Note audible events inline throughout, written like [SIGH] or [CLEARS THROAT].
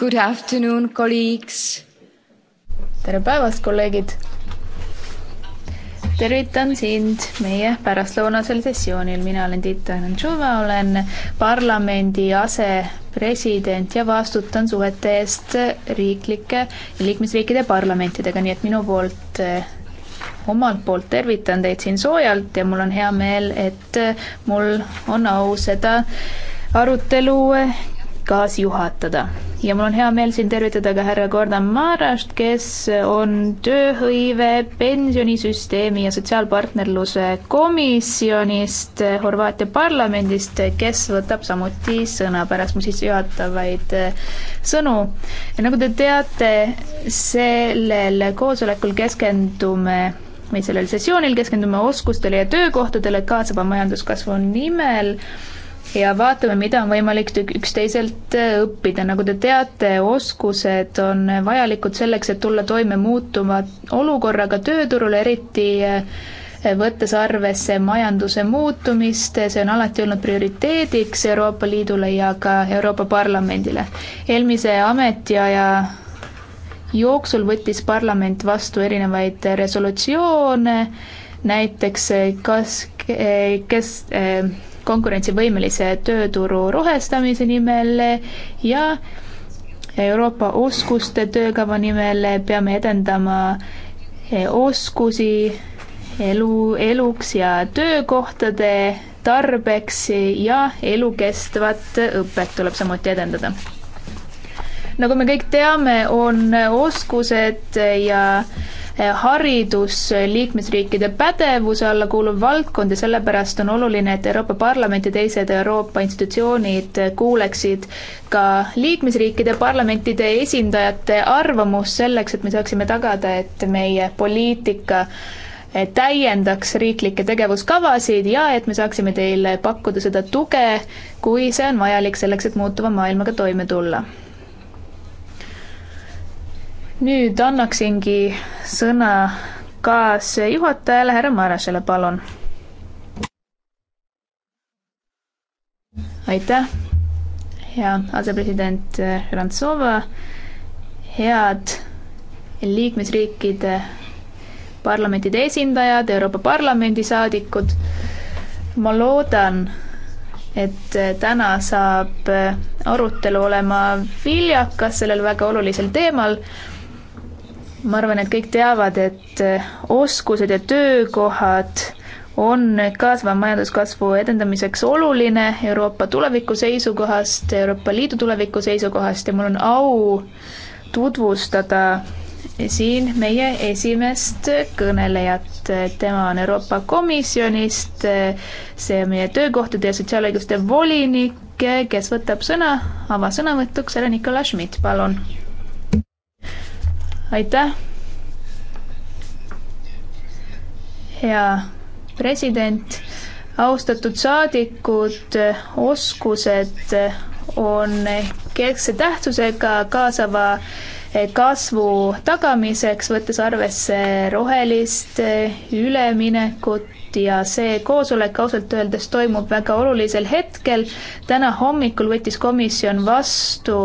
Good afternoon, colleagues. tere päevast, kolleegid. tervitan sind meie pärastlõunasel sessioonil. mina olen Tiit Tõnantšova, olen parlamendi asepresident ja vastutan suhete eest riiklike ja liikmesriikide parlamentidega, nii et minu poolt eh, omalt poolt tervitan teid siin soojalt ja mul on hea meel, et mul on au seda arutelu eh, kaasjuhatada. ja mul on hea meel siin tervitada ka härra Gordon Marast, kes on tööhõive, pensionisüsteemi ja sotsiaalpartnerluse komisjonist Horvaatia parlamendist, kes võtab samuti sõna pärast mu sissejuhatavaid äh, sõnu. ja nagu te teate, sellel koosolekul keskendume või sellel sessioonil keskendume oskustele ja töökohtadele kaasava majanduskasvu nimel ja vaatame, mida on võimalik üksteiselt äh, õppida. nagu te teate, oskused on vajalikud selleks, et tulla toime muutuva olukorraga tööturul, eriti äh, võttes arvesse majanduse muutumist, see on alati olnud prioriteediks Euroopa Liidule ja ka Euroopa Parlamendile. eelmise ametiaja jooksul võttis parlament vastu erinevaid resolutsioone, näiteks äh, kas, kes, kes konkurentsivõimelise tööturu rohestamise nimel ja Euroopa oskuste töökava nimel peame edendama eh, oskusi elu, eluks ja töökohtade tarbeks ja elukestvat õpet tuleb samuti edendada. nagu me kõik teame, on oskused ja äh, Eh, haridus eh, liikmesriikide pädevuse alla kuuluv valdkond ja sellepärast on oluline, et Euroopa Parlament ja teised Euroopa institutsioonid eh, kuuleksid ka liikmesriikide parlamentide esindajate arvamust selleks, et me saaksime tagada, et meie poliitika täiendaks riiklikke tegevuskavasid ja et me saaksime teile pakkuda seda tuge, kui see on vajalik selleks, et muutuva maailmaga toime tulla nüüd annaksingi sõna kaasjuhatajale, härra Marasele, palun. aitäh, hea asepresident Rantsova, head liikmesriikide parlamentide esindajad, Euroopa Parlamendi saadikud. ma loodan, et täna saab arutelu olema viljakas sellel väga olulisel teemal ma arvan, et kõik teavad, et eh, oskused ja töökohad on kasva majanduskasvu edendamiseks oluline Euroopa tuleviku seisukohast, Euroopa Liidu tuleviku seisukohast ja mul on au tutvustada siin meie esimest kõnelejat. tema on Euroopa Komisjonist, see on meie töökohtade ja sotsiaalõiguste volinik, kes võtab sõna avasõnavõtuks, härra Nikolai Schmidt, palun aitäh. hea president, austatud saadikud, oskused on keskse tähtsusega kaasava kasvu tagamiseks, võttes arvesse rohelist üleminekut ja see koosolek ausalt öeldes toimub väga olulisel hetkel. täna hommikul võttis komisjon vastu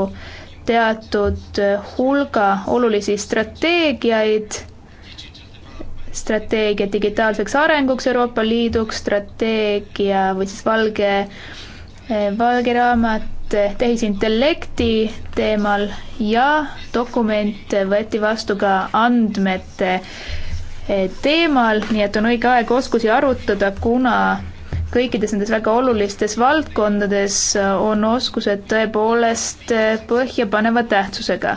teatud eh, hulga olulisi strateegiaid, strateegia digitaalseks arenguks Euroopa Liiduks, strateegia või siis valge, eh, valge raamat eh, tehisintellekti teemal ja dokument võeti vastu ka andmete teemal, nii et on õige aeg oskusi arutada, kuna kõikides nendes väga olulistes valdkondades äh, on oskused tõepoolest äh, põhjapaneva tähtsusega.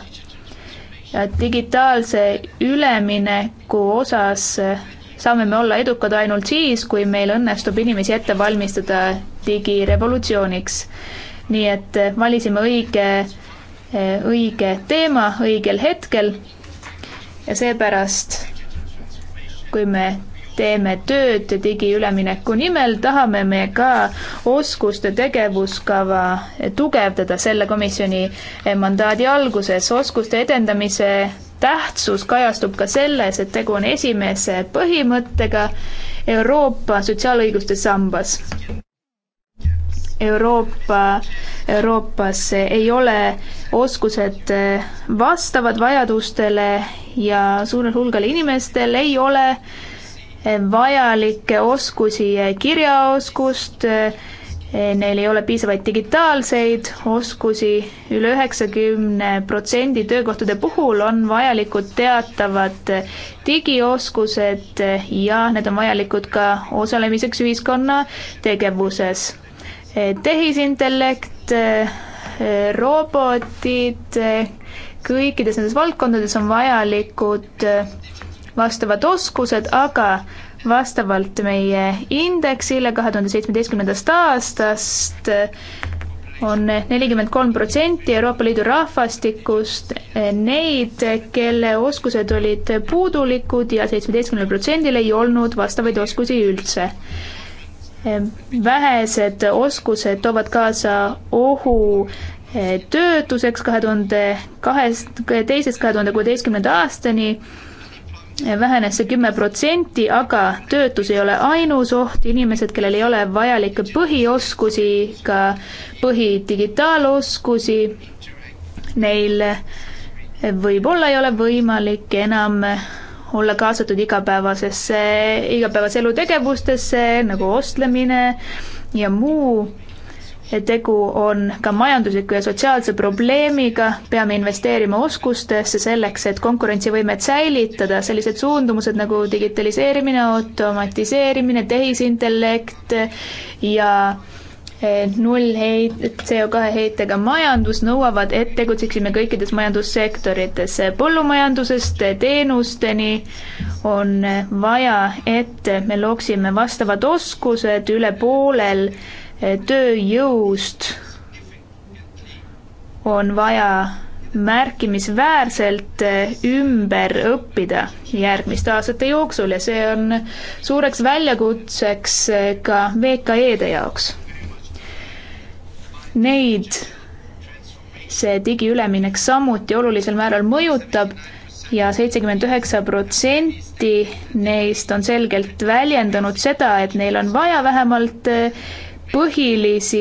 ja digitaalse ülemineku osas äh, saame me olla edukad ainult siis, kui meil õnnestub inimesi ette valmistada digirevolutsiooniks. nii et valisime õige, õige teema õigel hetkel ja seepärast, kui me teeme tööd digiülemineku nimel, tahame me ka oskuste tegevuskava tugevdada selle komisjoni mandaadi alguses. oskuste edendamise tähtsus kajastub ka selles, et tegu on esimese põhimõttega Euroopa sotsiaalõiguste sambas. Euroopa, Euroopas ei ole oskused vastavad vajadustele ja suurel hulgal inimestel ei ole äh, vajalikke oskusi, kirjaoskust, neil ei ole piisavaid digitaalseid oskusi üle, üle üheksakümne protsendi töökohtade puhul on vajalikud teatavad digioskused ja need on vajalikud ka osalemiseks ühiskonna tegevuses. tehisintellekt, robotid, kõikides nendes valdkondades on vajalikud vastavad oskused, aga vastavalt meie indeksile kahe tuhande seitsmeteistkümnendast aastast on nelikümmend kolm protsenti Euroopa Liidu rahvastikust neid, kelle oskused olid puudulikud ja seitsmeteistkümnel protsendil ei olnud vastavaid oskusi üldse. vähesed oskused toovad kaasa ohu töötuseks kahe tuhande kahest, teisest kahe tuhande kuueteistkümnenda aastani vähenes see kümme protsenti, aga töötus ei ole ainus oht, inimesed, kellel ei ole vajalikke põhioskusi, ka põhidigitaaloskusi, neil võib-olla ei ole võimalik enam olla kaasatud igapäevasesse, igapäevase elu tegevustesse nagu ostlemine ja muu tegu on ka majandusliku ja sotsiaalse probleemiga, peame investeerima oskustesse selleks, et konkurentsivõimet säilitada, sellised suundumused nagu digitaliseerimine, automatiseerimine, tehisintellekt ja eh, nullheit, CO2 heitega majandus nõuavad, et tegutseksime kõikides majandussektorites. põllumajandusest teenusteni on vaja, et me looksime vastavad oskused üle poolel tööjõust on vaja märkimisväärselt ümber õppida järgmiste aastate jooksul ja see on suureks väljakutseks ka VKE-de jaoks. Neid see digiüleminek samuti olulisel määral mõjutab ja seitsekümmend üheksa protsenti neist on selgelt väljendanud seda, et neil on vaja vähemalt põhilisi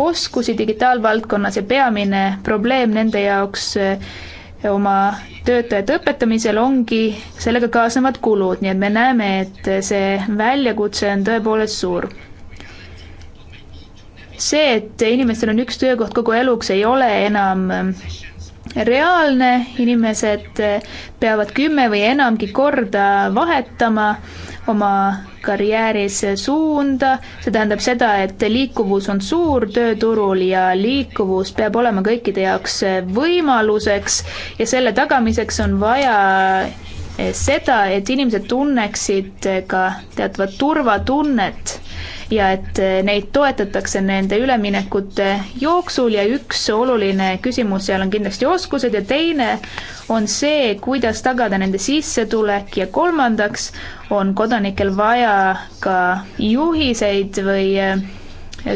oskusi digitaalvaldkonnas ja peamine probleem nende jaoks eh, oma töötajate õpetamisel ongi sellega kaasnevad kulud, nii et me näeme, et see väljakutse on tõepoolest suur. see, et inimestel on üks töökoht kogu eluks, ei ole enam reaalne, inimesed peavad kümme või enamgi korda vahetama oma karjääris suunda, see tähendab seda, et liikuvus on suur tööturul ja liikuvus peab olema kõikide jaoks võimaluseks ja selle tagamiseks on vaja seda, et inimesed tunneksid ka teatavat turvatunnet ja et neid toetatakse nende üleminekute jooksul ja üks oluline küsimus seal on kindlasti oskused ja teine on see, kuidas tagada nende sissetulek ja kolmandaks on kodanikel vaja ka juhiseid või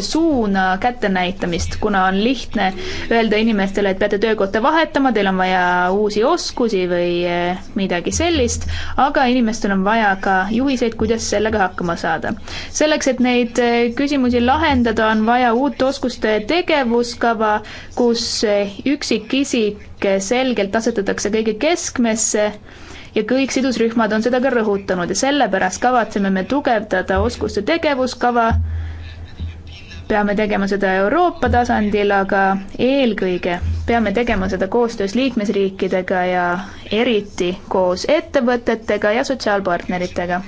suuna kättenäitamist, kuna on lihtne öelda inimestele, et peate töökohta vahetama, teil on vaja uusi oskusi või eh, midagi sellist, aga inimestel on vaja ka juhiseid, kuidas sellega hakkama saada. selleks, et neid eh, küsimusi lahendada, on vaja uut oskuste tegevuskava, kus eh, üksikisik selgelt asetatakse kõige keskmesse ja kõik sidusrühmad on seda ka rõhutanud ja sellepärast kavatseme me tugevdada oskuste tegevuskava peame tegema seda Euroopa tasandil, aga eelkõige peame tegema seda koostöös liikmesriikidega ja eriti koos ettevõtetega ja sotsiaalpartneritega.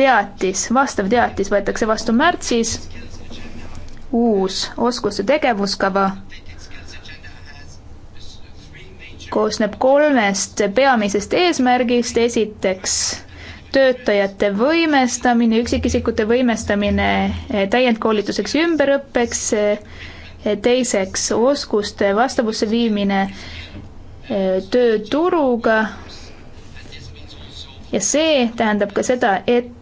teatis, vastav teatis võetakse vastu märtsis, uus oskuste tegevuskava koosneb kolmest peamisest eesmärgist, esiteks töötajate võimestamine, üksikisikute võimestamine eh, täiendkoolituseks ja ümberõppeks, eh, teiseks oskuste vastavusse viimine eh, tööturuga ja see tähendab ka seda, et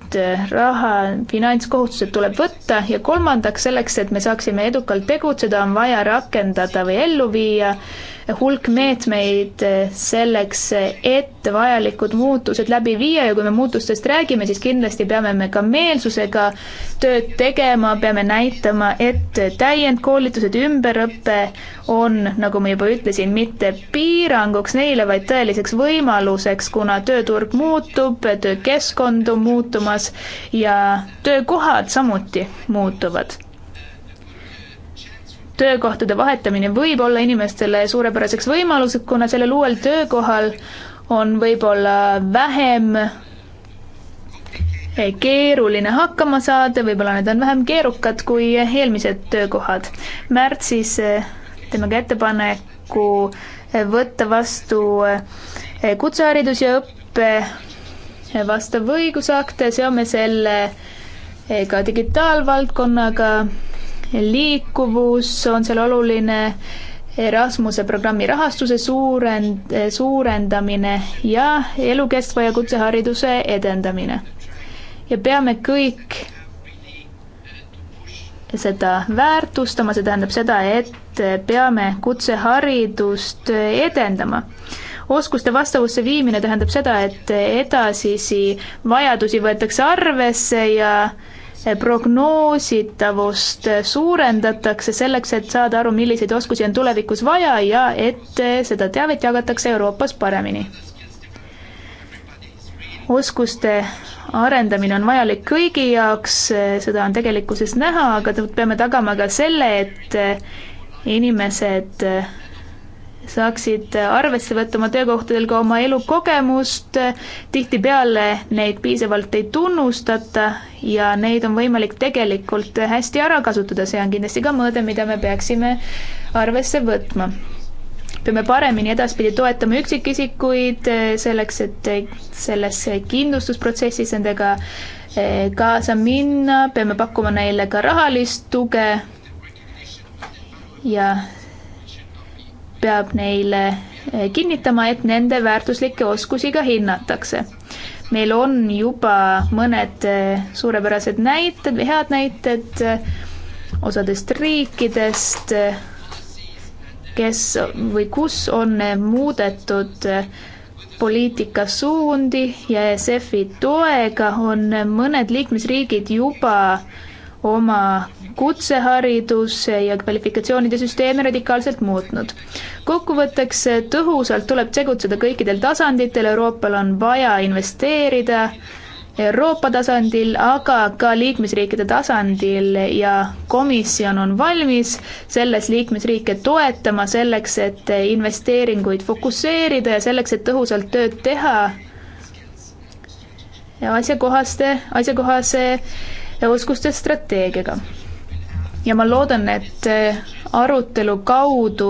raha, finantskohustused tuleb võtta ja kolmandaks, selleks, et me saaksime edukalt tegutseda, on vaja rakendada või ellu viia äh, hulk meetmeid eh, selleks, eh, et vajalikud muutused läbi viia ja kui me muutustest räägime, siis kindlasti peame me ka meelsusega tööd tegema, peame näitama, et täiendkoolitused, ümberõpe on, nagu ma juba ütlesin, mitte piiranguks neile, vaid tõeliseks võimaluseks, kuna tööturg muutub, töökeskkond on muutumas ja töökohad samuti muutuvad töökohtade vahetamine võib olla inimestele suurepäraseks võimaluseks, kuna sellel uuel töökohal on võib-olla vähem eh, keeruline hakkama saada, võib-olla need on vähem keerukad kui eelmised töökohad. märtsis eh, teeme ka ettepaneku eh, võtta vastu kutseharidus ja õppe vastav õigusakt, seome selle ka digitaalvaldkonnaga liikuvus on seal oluline, Erasmuse programmi rahastuse suurend-, suurendamine ja elukestva ja kutsehariduse edendamine. ja peame kõik seda väärtustama, see tähendab seda, et peame kutseharidust edendama oskuste vastavusse viimine tähendab seda, et edasisi vajadusi võetakse arvesse ja prognoositavust suurendatakse selleks, et saada aru, milliseid oskusi on tulevikus vaja ja et seda teavet jagatakse Euroopas paremini. oskuste arendamine on vajalik kõigi jaoks, seda on tegelikkuses näha, aga peame tagama ka selle, et inimesed saaksid arvesse võtta oma töökohtadel ka oma elukogemust, tihtipeale neid piisavalt ei tunnustata ja neid on võimalik tegelikult hästi ära kasutada, see on kindlasti ka mõõde, mida me peaksime arvesse võtma. peame paremini edaspidi toetama üksikisikuid selleks, et selles kindlustusprotsessis nendega eh, kaasa minna, peame pakkuma neile ka rahalist tuge ja peab neile eh, kinnitama, et nende väärtuslikke oskusi ka hinnatakse. meil on juba mõned eh, suurepärased näited, head näited eh, osadest riikidest, kes või kus on muudetud poliitikasuundi ja ESF-i toega on mõned liikmesriigid juba äh, oma kutsehariduse ja kvalifikatsioonide süsteemi radikaalselt muutnud. kokkuvõtteks, tõhusalt tuleb tegutseda kõikidel tasanditel, Euroopal on vaja investeerida Euroopa tasandil, aga ka liikmesriikide tasandil ja komisjon on valmis selles liikmesriike toetama selleks, et investeeringuid fokusseerida ja selleks, et tõhusalt tööd teha ja asjakohaste, asjakohase ja oskuste strateegiaga. ja ma loodan, et äh, arutelu kaudu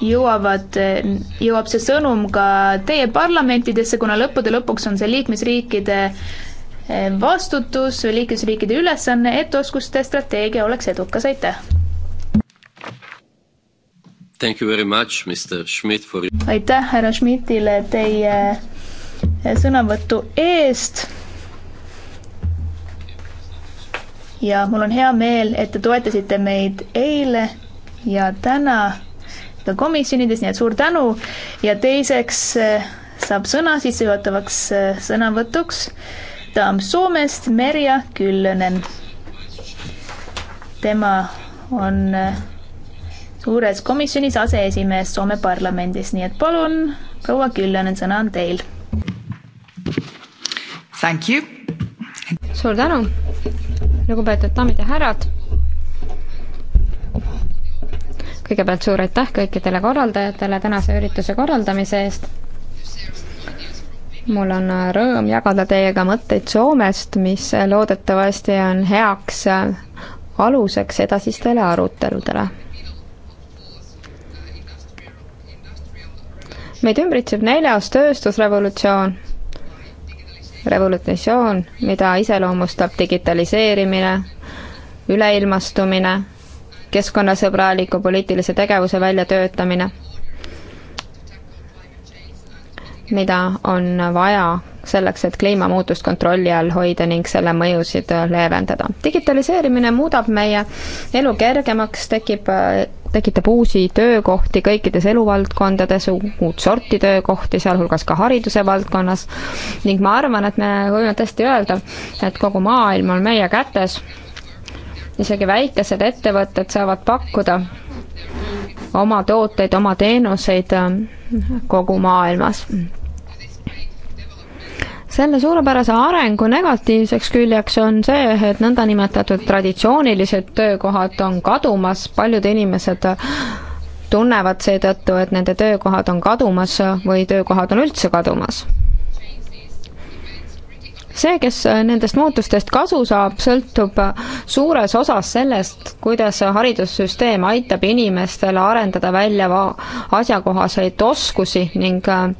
jõuavad, äh, jõuab see sõnum ka teie parlamentidesse, kuna lõppude lõpuks on see liikmesriikide äh, vastutus, liikmesriikide ülesanne, et oskuste strateegia oleks edukas, aitäh! Thank you very much, Mr Schmidt for aitäh härra Schmidtile teie sõnavõtu eest ja mul on hea meel, et te toetasite meid eile ja täna ka komisjonides, nii et suur tänu ja teiseks eh, saab sõna sissejuhatavaks eh, sõnavõtuks daam Soomest, Merja Küllönen. tema on eh, suures komisjonis aseesimees Soome parlamendis, nii et palun, proua Küllönen, sõna on teil. Thank you. suur tänu lugupeetud daamid ja härrad. kõigepealt suur aitäh kõikidele korraldajatele tänase ürituse korraldamise eest. mul on rõõm jagada teiega mõtteid Soomest, mis loodetavasti on heaks aluseks edasistele aruteludele meid ümbritseb neljas tööstusrevolutsioon revolutsioon, mida iseloomustab digitaliseerimine, üleilmastumine, keskkonnasõbraliku poliitilise tegevuse väljatöötamine, mida on vaja selleks, et kliimamuutust kontrolli all hoida ning selle mõjusid äh, leevendada. digitaliseerimine muudab meie elu kergemaks, tekib äh, tekitab uusi töökohti kõikides eluvaldkondades, uut sorti töökohti, sealhulgas ka hariduse valdkonnas, ning ma arvan, et me võime tõesti öelda, et kogu maailm on meie kätes, isegi väikesed ettevõtted saavad pakkuda oma tooteid, oma teenuseid äh, kogu maailmas selle suurepärase arengu negatiivseks küljeks on see, et nõndanimetatud traditsioonilised töökohad on kadumas, paljud inimesed tunnevad seetõttu, et nende töökohad on kadumas või töökohad on üldse kadumas. see, kes nendest muutustest kasu saab, sõltub suures osas sellest, kuidas haridussüsteem aitab inimestele arendada välja asjakohaseid oskusi ning äh,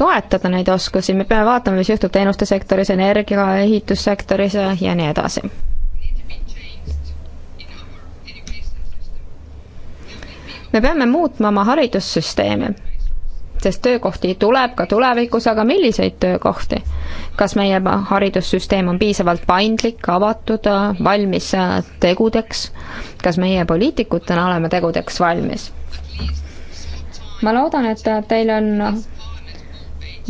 toetada neid oskusi, me peame vaatama, mis juhtub teenuste sektoris, energia, ehitussektoris ja nii edasi. me peame muutma oma haridussüsteemi, sest töökohti tuleb ka tulevikus, aga milliseid töökohti? kas meie haridussüsteem on piisavalt paindlik, avatud, valmis tegudeks? kas meie poliitikutena oleme tegudeks valmis? ma loodan, et teil on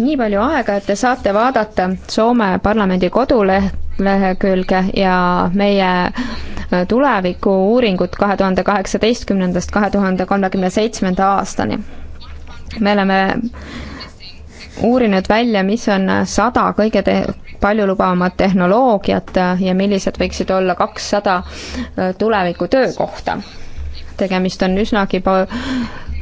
nii palju aega, et te saate vaadata Soome parlamendi kodulehekülge ja meie äh, tulevikuuuringut kahe tuhande kaheksateistkümnendast kahe tuhande kolmekümne seitsmenda aastani. me oleme uurinud välja, mis on sada kõige te-, paljulubavamat tehnoloogiat äh, ja millised võiksid olla kakssada äh, tuleviku töökohta. tegemist on üsnagi po-,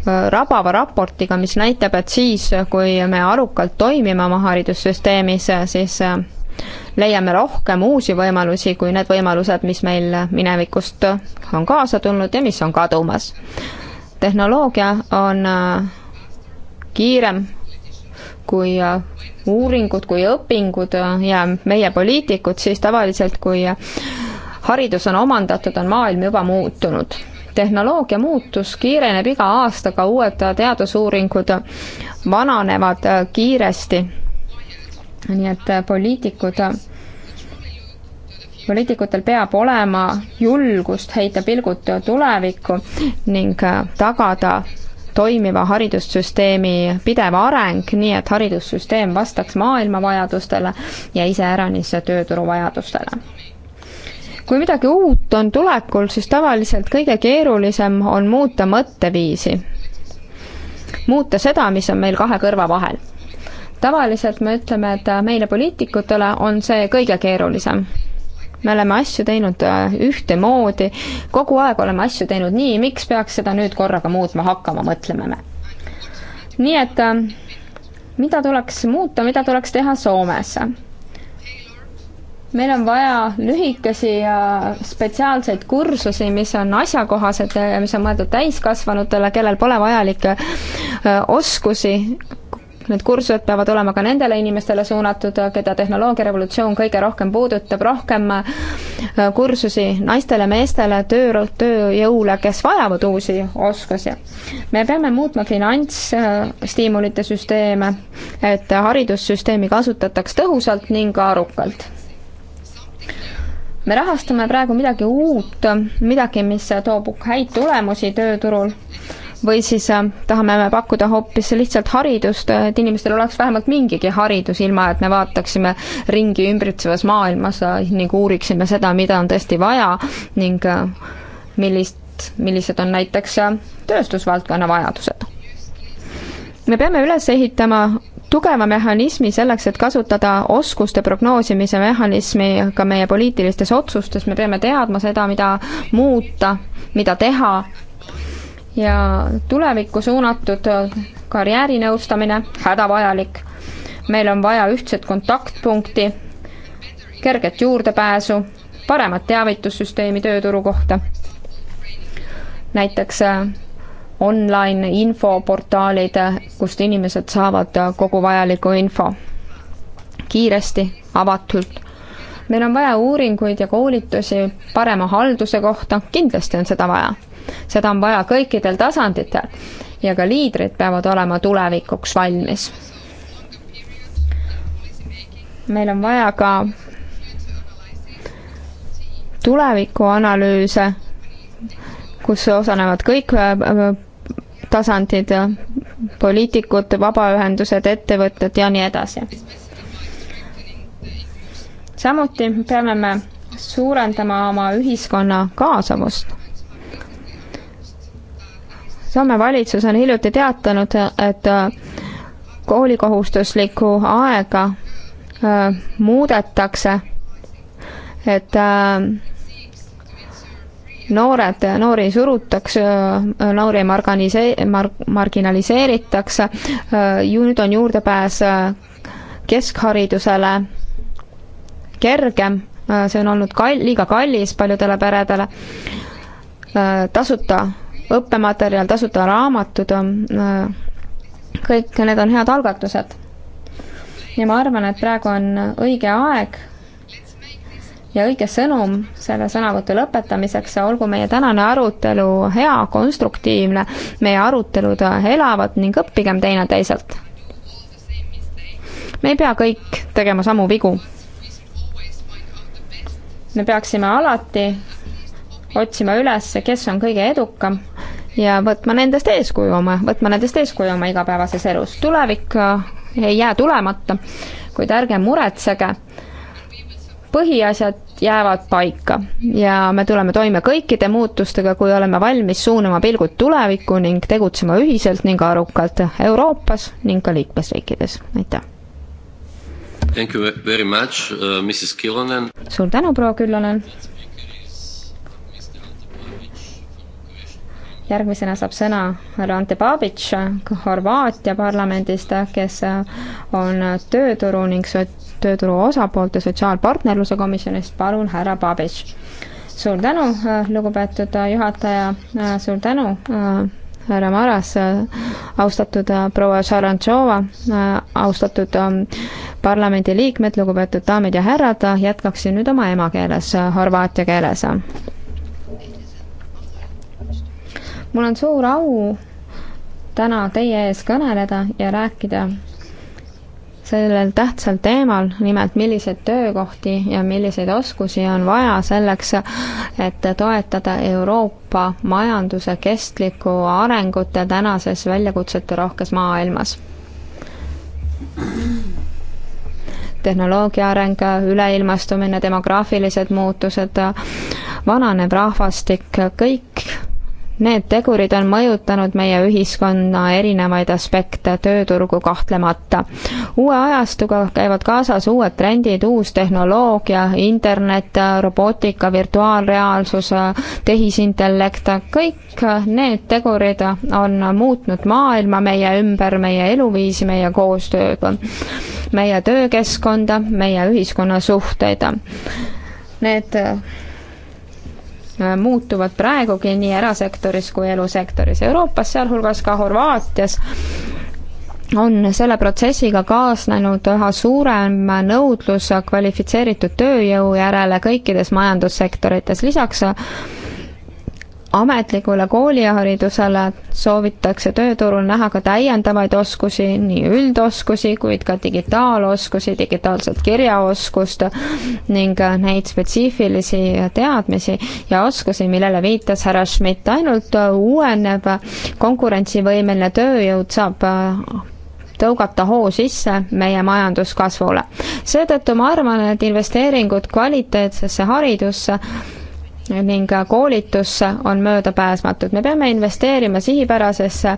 Äh, rabava raportiga, mis näitab, et siis, kui me arukalt toimime oma haridussüsteemis, siis äh, leiame rohkem uusi võimalusi kui need võimalused, mis meil minevikust on kaasa tulnud ja mis on kadumas. tehnoloogia on äh, kiirem kui uuringud, kui õpingud ja meie poliitikud, siis tavaliselt, kui haridus on omandatud, on maailm juba muutunud tehnoloogia muutus kiireneb iga aastaga, uued teadusuuringud vananevad äh, kiiresti. nii et äh, poliitikud, poliitikutel peab olema julgust heita pilgud tulevikku ning äh, tagada toimiva haridussüsteemi pidev areng, nii et haridussüsteem vastaks maailma vajadustele ja iseäranis tööturu vajadustele kui midagi uut on tulekul, siis tavaliselt kõige keerulisem on muuta mõtteviisi. muuta seda, mis on meil kahe kõrva vahel. tavaliselt me ütleme, et meile poliitikutele on see kõige keerulisem me oleme asju teinud äh, ühtemoodi, kogu aeg oleme asju teinud nii, miks peaks seda nüüd korraga muutma hakkama, mõtleme me. nii et äh, mida tuleks muuta, mida tuleks teha Soomes? meil on vaja lühikesi ja spetsiaalseid kursusi, mis on asjakohased ja mis on mõeldud täiskasvanutele, kellel pole vajalikke oskusi. Need kursused peavad olema ka nendele inimestele suunatud, keda tehnoloogia revolutsioon kõige rohkem puudutab, rohkem kursusi naistele, meestele, töö, tööjõule, kes vajavad uusi oskusi. me peame muutma finantsstiimulite süsteeme, et haridussüsteemi kasutataks tõhusalt ning arukalt me rahastame praegu midagi uut, midagi, mis toob häid tulemusi tööturul või siis äh, tahame me pakkuda hoopis lihtsalt haridust, et inimestel oleks vähemalt mingigi haridus, ilma et me vaataksime ringi ümbritsevas maailmas äh, ning uuriksime seda, mida on tõesti vaja ning äh, millist, millised on näiteks tööstusvaldkonna vajadused. me peame üles ehitama tugeva mehhanismi selleks, et kasutada oskuste prognoosimise mehhanismi ka meie poliitilistes otsustes, me peame teadma seda, mida muuta, mida teha ja tulevikku suunatud karjäärinõustamine, hädavajalik. meil on vaja ühtset kontaktpunkti, kerget juurdepääsu, paremat teavitussüsteemi tööturu kohta. näiteks äh, online infoportaalid, kust inimesed saavad kogu vajaliku info kiiresti, avatult. meil on vaja uuringuid ja koolitusi parema halduse kohta, kindlasti on seda vaja. seda on vaja kõikidel tasanditel ja ka liidrid peavad olema tulevikuks valmis. meil on vaja ka tulevikuanalüüse, kus osalevad kõik äh, tasandid, poliitikud, vabaühendused, ettevõtted ja nii edasi. samuti peame me suurendama oma ühiskonna kaasavust. Soome valitsus on hiljuti teatanud, et koolikohustuslikku aega äh, muudetakse, et äh, noored, noori surutakse, noori marganise-, mar-, marginaliseeritakse, ju nüüd on juurdepääs keskharidusele kergem, see on olnud kal-, liiga kallis paljudele peredele, tasuta õppematerjal, tasuta raamatud, kõik need on head algatused. ja ma arvan, et praegu on õige aeg ja õige sõnum selle sõnavõtu lõpetamiseks, olgu meie tänane arutelu hea, konstruktiivne, meie arutelud elavad ning õppigem teineteiselt. me ei pea kõik tegema samu vigu. me peaksime alati otsima üles, kes on kõige edukam ja võtma nendest eeskuju oma, võtma nendest eeskuju oma igapäevases elus. tulevik ei jää tulemata, kuid ärge muretsege, põhiasjad jäävad paika ja me tuleme toime kõikide muutustega, kui oleme valmis suunama pilgud tulevikku ning tegutsema ühiselt ning arukalt Euroopas ning ka liikmesriikides, aitäh! Thank you very much uh,, Mrs Killonen. suur tänu, proua Küllonen. järgmisena saab sõna härra Ante Babic Horvaatia parlamendist, kes on tööturu ning sot-, tööturu osapoolte sotsiaalpartnerluse komisjonist, palun, härra Babis. suur tänu, äh, lugupeetud äh, juhataja, äh, suur tänu, härra Maras, austatud proua Šarantšova, austatud ähm, parlamendiliikmed, lugupeetud daamid ja härrad, jätkaksin nüüd oma emakeeles, horvaatia keeles. mul on suur au täna teie ees kõneleda ja rääkida sellel tähtsal teemal, nimelt milliseid töökohti ja milliseid oskusi on vaja selleks, et toetada Euroopa majanduse kestlikku arengut tänases väljakutseterohkes maailmas. tehnoloogia areng, üleilmastumine, demograafilised muutused, vananev rahvastik, kõik Need tegurid on mõjutanud meie ühiskonna erinevaid aspekte, tööturgu kahtlemata. uue ajastuga käivad kaasas uued trendid, uus tehnoloogia, internet, robootika, virtuaalreaalsus, tehisintellekt, kõik need tegurid on muutnud maailma meie ümber, meie eluviisi, meie koostööd, meie töökeskkonda, meie ühiskonna suhteid. Need Äh, muutuvad praegugi nii erasektoris kui elusektoris Euroopas, sealhulgas ka Horvaatias, on selle protsessiga kaasnenud üha suurem nõudlus kvalifitseeritud tööjõu järele kõikides majandussektorites, lisaks ametlikule kooliharidusele soovitakse tööturul näha ka täiendavaid oskusi, nii üldoskusi, kuid ka digitaaloskusi, digitaalset kirjaoskust ning neid spetsiifilisi teadmisi ja oskusi, millele viitas härra Schmidt. ainult uuenev konkurentsivõimeline tööjõud saab tõugata hoo sisse meie majanduskasvule. seetõttu ma arvan, et investeeringud kvaliteetsesse haridusse ning koolitus on möödapääsmatud. me peame investeerima sihipärasesse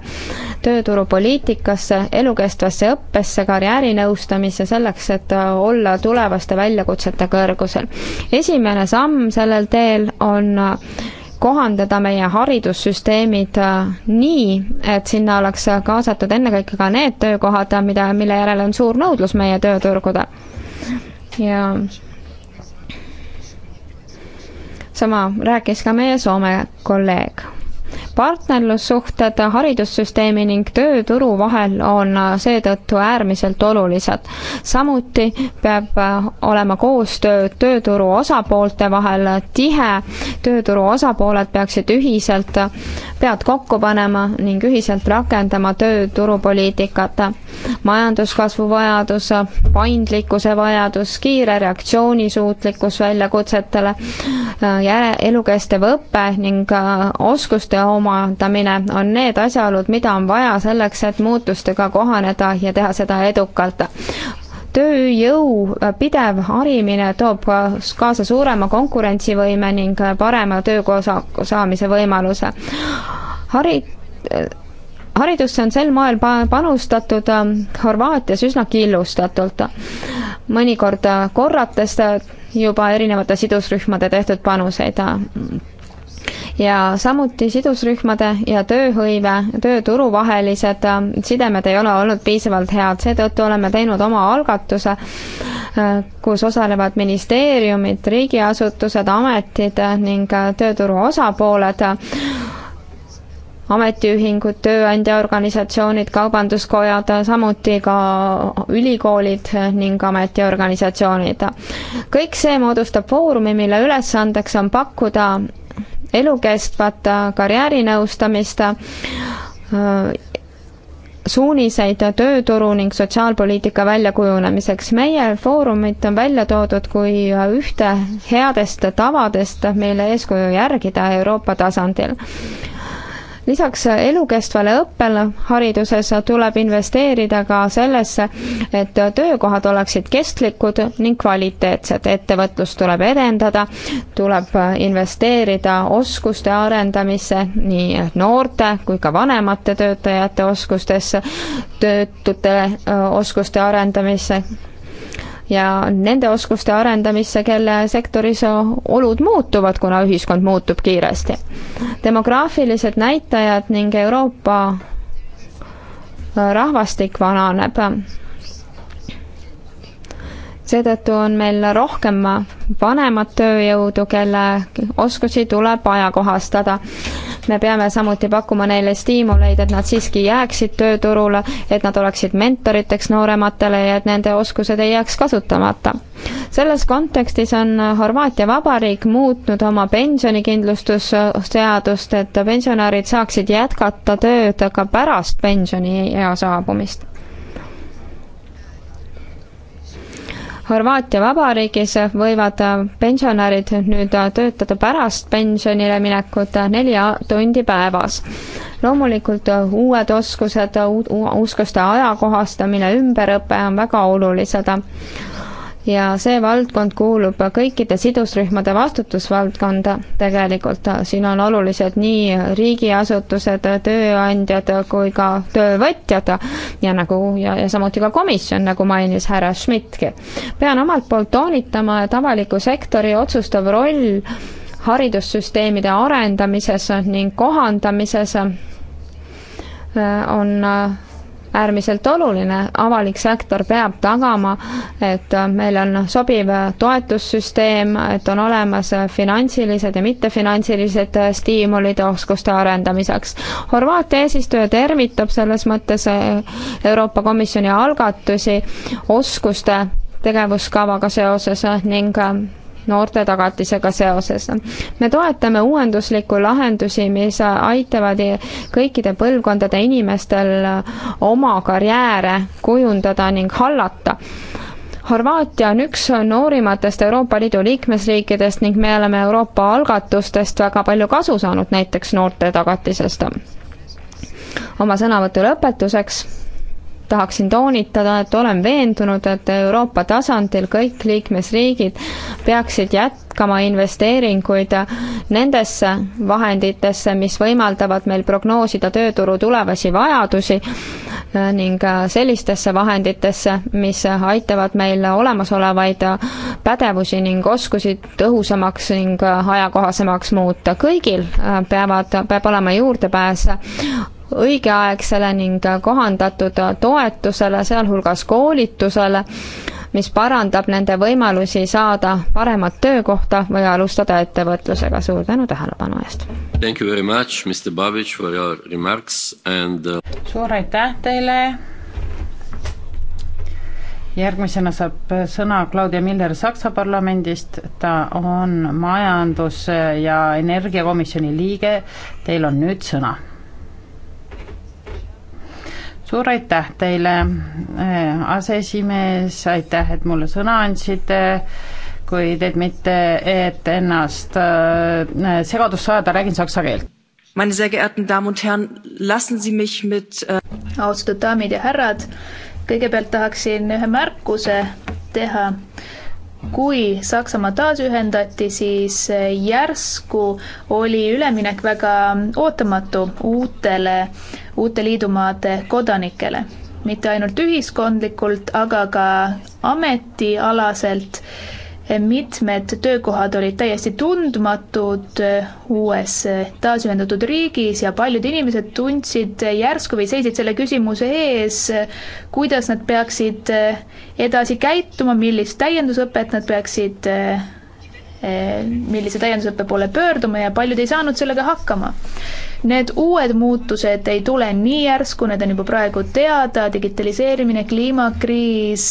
tööturupoliitikasse, elukestvasse õppesse, karjäärinõustamisse, selleks et olla tulevaste väljakutsete kõrgusel. esimene samm sellel teel on kohandada meie haridussüsteemid nii, et sinna oleks kaasatud ennekõike ka need töökohad, mida, mille järele on suur nõudlus meie tööturgudel. ja sama rääkis ka meie Soome kolleeg partnerlussuhted haridussüsteemi ning tööturu vahel on seetõttu äärmiselt olulised. samuti peab äh, olema koostöö tööturu osapoolte vahel tihe, tööturu osapooled peaksid ühiselt äh, pead kokku panema ning ühiselt rakendama tööturupoliitikat. majanduskasvu vajadus, paindlikkuse vajadus, kiire reaktsioonisuutlikkus väljakutsetele, äh, järe, elukestev õpe ning oskuste omandamine on need asjaolud, mida on vaja selleks, et muutustega kohaneda ja teha seda edukalt tööjõu pidev harimine toob kaasa suurema konkurentsivõime ning parema töökoha saamise võimaluse. hari-, haridusse on sel moel panustatud ähm, Horvaatias üsna killustatult, mõnikord äh, korrates äh, juba erinevate sidusrühmade tehtud panuseid äh, ja samuti sidusrühmade ja tööhõive, tööturu vahelised ähm, sidemed ei ole olnud piisavalt head, seetõttu oleme teinud oma algatuse, äh, kus osalevad ministeeriumid, riigiasutused, ametid äh, ning äh, tööturu osapooled ametiühingud, tööandjaorganisatsioonid, kaubanduskojad, samuti ka ülikoolid ning ametiorganisatsioonid. kõik see moodustab foorumi, mille ülesandeks on pakkuda elukestvat karjäärinõustamist, suuniseid tööturu ning sotsiaalpoliitika väljakujunemiseks. meie foorumit on välja toodud kui ühte headest tavadest, mille eeskuju järgida Euroopa tasandil lisaks elukestvale õppele hariduses tuleb investeerida ka sellesse, et töökohad oleksid kestlikud ning kvaliteetsed, ettevõtlust tuleb edendada, tuleb investeerida oskuste arendamisse, nii noorte kui ka vanemate töötajate oskustesse, töötute oskuste arendamisse, ja nende oskuste arendamisse, kelle sektoris olud muutuvad, kuna ühiskond muutub kiiresti. demograafilised näitajad ning Euroopa äh, rahvastik vananeb seetõttu on meil rohkem vanemat tööjõudu, kelle oskusi tuleb ajakohastada. me peame samuti pakkuma neile stiimuleid, et nad siiski jääksid tööturule, et nad oleksid mentoriteks noorematele ja et nende oskused ei jääks kasutamata. selles kontekstis on Horvaatia Vabariik muutnud oma pensionikindlustusseadust, et pensionärid saaksid jätkata tööd ka pärast pensioniea saabumist Horvaatia vabariigis võivad äh, pensionärid nüüd äh, töötada pärast pensionile minekut äh, neli tundi päevas. loomulikult uued oskused, oskuste ajakohastamine, ümberõpe on väga olulised ja see valdkond kuulub kõikide sidusrühmade vastutusvaldkonda tegelikult. siin on olulised nii riigiasutused, tööandjad kui ka töövõtjad ja nagu, ja, ja samuti ka komisjon, nagu mainis härra Schmidtki. pean omalt poolt toonitama, et avaliku sektori otsustav roll haridussüsteemide arendamises ning kohandamises äh, on äh, äärmiselt oluline, avalik sektor peab tagama, et meil on sobiv toetussüsteem, et on olemas finantsilised ja mittefinantsilised stiimulid oskuste arendamiseks. Horvaatia eesistuja tervitab selles mõttes eh, Euroopa Komisjoni algatusi oskuste tegevuskavaga seoses ning eh, noorte tagatisega seoses. me toetame uuenduslikku lahendusi, mis aitavad kõikide põlvkondade inimestel oma karjääre kujundada ning hallata Horvaatia on üks noorimatest Euroopa Liidu liikmesriikidest ning me oleme Euroopa algatustest väga palju kasu saanud, näiteks noorte tagatisest. oma sõnavõtu lõpetuseks tahaksin toonitada, et olen veendunud, et Euroopa tasandil kõik liikmesriigid peaksid jätkama investeeringuid nendesse vahenditesse, mis võimaldavad meil prognoosida tööturu tulevasi vajadusi äh, ning äh, sellistesse vahenditesse, mis aitavad meil olemasolevaid pädevusi ning oskusi tõhusamaks ning äh, ajakohasemaks muuta. kõigil peavad, peab olema juurdepääs õigeaegsele ning kohandatud toetusele, sealhulgas koolitusele, mis parandab nende võimalusi saada paremat töökohta või alustada ettevõtlusega. suur tänu tähelepanu eest! And... Uh, suur aitäh teile! järgmisena saab sõna Claudia Miller Saksa parlamendist, ta on majandus- ja energiakomisjoni liige, teil on nüüd sõna suur aitäh teile, eh, aseesimees, aitäh, et mulle sõna andsite kuid et mitte, et ennast äh, eh, segadusse ajada, räägin saksa keelt. Meine sehr geehrten Damen und Herren, lassen Sie mich mit äh... austatud daamid ja härrad, kõigepealt tahaksin ühe märkuse teha. kui Saksamaa taasühendati, siis järsku oli üleminek väga ootamatu uutele äh, uute liidumaade kodanikele, mitte ainult ühiskondlikult, aga ka ametialaselt. mitmed töökohad olid täiesti tundmatud uues taasühendatud riigis ja paljud inimesed tundsid järsku või seisid selle küsimuse ees, kuidas nad peaksid edasi käituma, millist täiendusõpet nad peaksid millise täiendusõppe poole pöörduma ja paljud ei saanud sellega hakkama. Need uued muutused ei tule nii järsku, need on juba praegu teada, digitaliseerimine, kliimakriis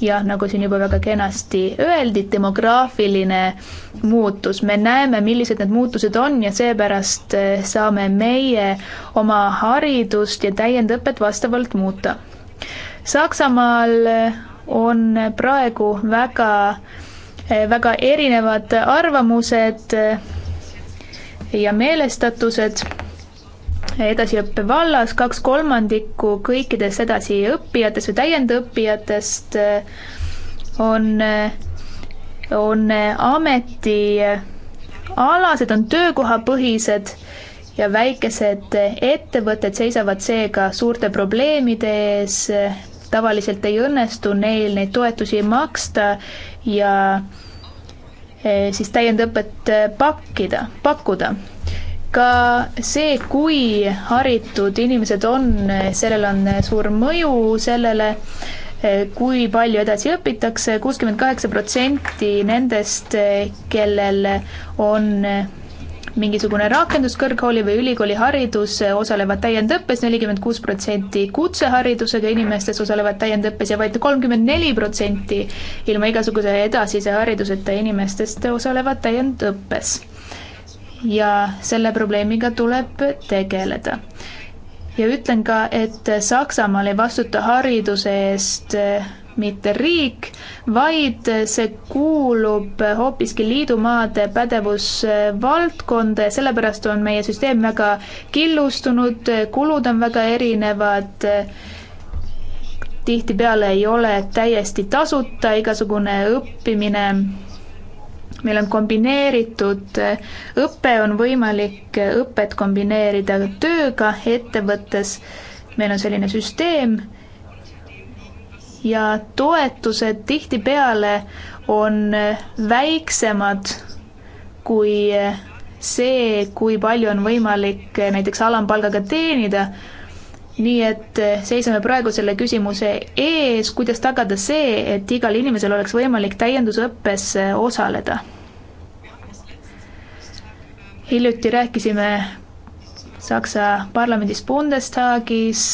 ja nagu siin juba väga kenasti öeldi, demograafiline muutus. me näeme, millised need muutused on ja seepärast eh, saame meie oma haridust ja täiendõpet vastavalt muuta. Saksamaal eh, on praegu väga äh, Eh, väga erinevad arvamused eh, ja meelestatused edasiõppe vallas, kaks kolmandikku kõikidest edasiõppijatest või täiendõppijatest eh, on, on ametialased, on töökohapõhised ja väikesed ettevõtted seisavad seega suurte probleemide ees tavaliselt ei õnnestu neil neid toetusi maksta ja eh, siis täiendõpet eh, pakkida, pakkuda. ka see, kui haritud inimesed on, eh, sellel on suur mõju sellele, kui palju edasi õpitakse, kuuskümmend kaheksa protsenti nendest, kellel on mingisugune rakenduskõrgkooli või ülikooli haridus eh, osalevad täiendõppes, nelikümmend kuus protsenti kutseharidusega inimestest osalevad täiendõppes ja vaid kolmkümmend neli protsenti ilma igasuguse edasise hariduseta inimestest osalevad täiendõppes. ja selle probleemiga tuleb tegeleda ja ütlen ka, et Saksamaal ei vastuta hariduse eest eh, mitte riik, vaid see kuulub hoopiski liidumaade pädevusvaldkonda ja sellepärast on meie süsteem väga killustunud, kulud on väga erinevad, tihtipeale ei ole täiesti tasuta igasugune õppimine, meil on kombineeritud õpe, on võimalik õpet kombineerida tööga ettevõttes, meil on selline süsteem ja toetused tihtipeale on väiksemad kui see, kui palju on võimalik näiteks alampalgaga teenida. nii et seisame praegu selle küsimuse ees, kuidas tagada see, et igal inimesel oleks võimalik täiendusõppes osaleda. hiljuti rääkisime Saksa parlamendis Bundestagis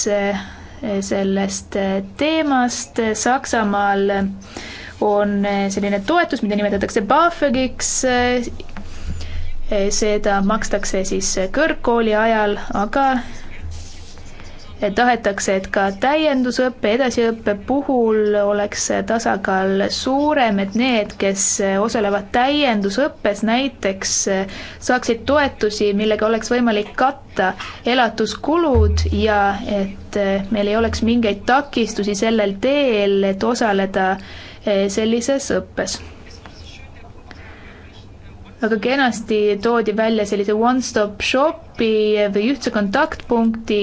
sellest teemast. Saksamaal on selline toetus, mida nimetatakse BAföG-iks. seda makstakse siis kõrgkooli ajal, aga tahetakse, et ka täiendusõppe, edasiõppe puhul oleks tasakaal suurem, et need, kes osalevad täiendusõppes näiteks, saaksid toetusi, millega oleks võimalik katta elatuskulud ja et meil ei oleks mingeid takistusi sellel teel, et osaleda sellises õppes väga kenasti toodi välja sellise one-stop shopi või ühtse kontaktpunkti